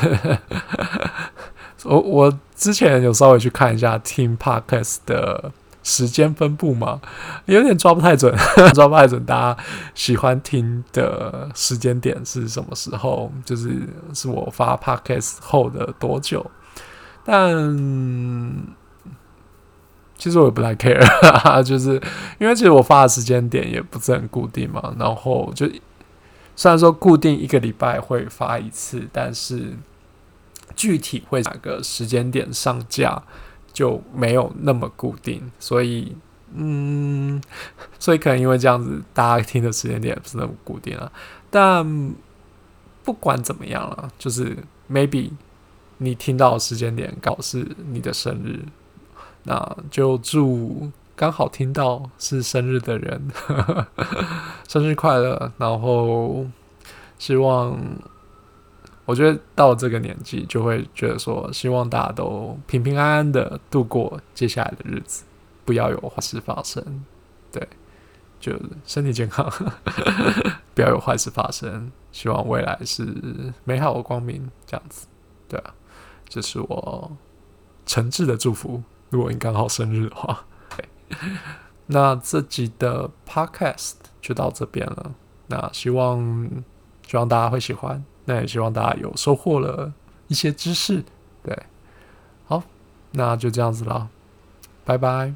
我我之前有稍微去看一下聽 podcast 的時間分布嘛，有點抓不太準， (laughs) 抓不太準。大家喜歡聽的時間點是什麼時候？就是是我發 podcast 後的多久？但。其實我也不太 care，啊，就是因為其實我發的時間點也不是很固定嘛，然後就雖然說固定一個禮拜會發一次，但是具體會哪個時間點上架就沒有那麼固定，所以嗯，所以可能因為這樣子，大家聽的時間點不是那麼固定啊。但不管怎麼樣了啊，就是 maybe 你聽到的時間點剛好是你的生日。那就祝剛好聽到是生日的人，生日快樂！然後希望，我覺得到這個年紀就會覺得說，希望大家都平平安安的度過接下來的日子，不要有壞事發生。對，就身體健康， (laughs) 不要有壞事發生。希望未來是美好的光明這樣子。對啊，這是我誠摯的祝福。如果你剛好生日的話，那這集的 podcast 就到這邊了。那希望，希望大家會喜歡。那也希望大家有收穫了一些知識。對，好，那就這樣子了，拜拜。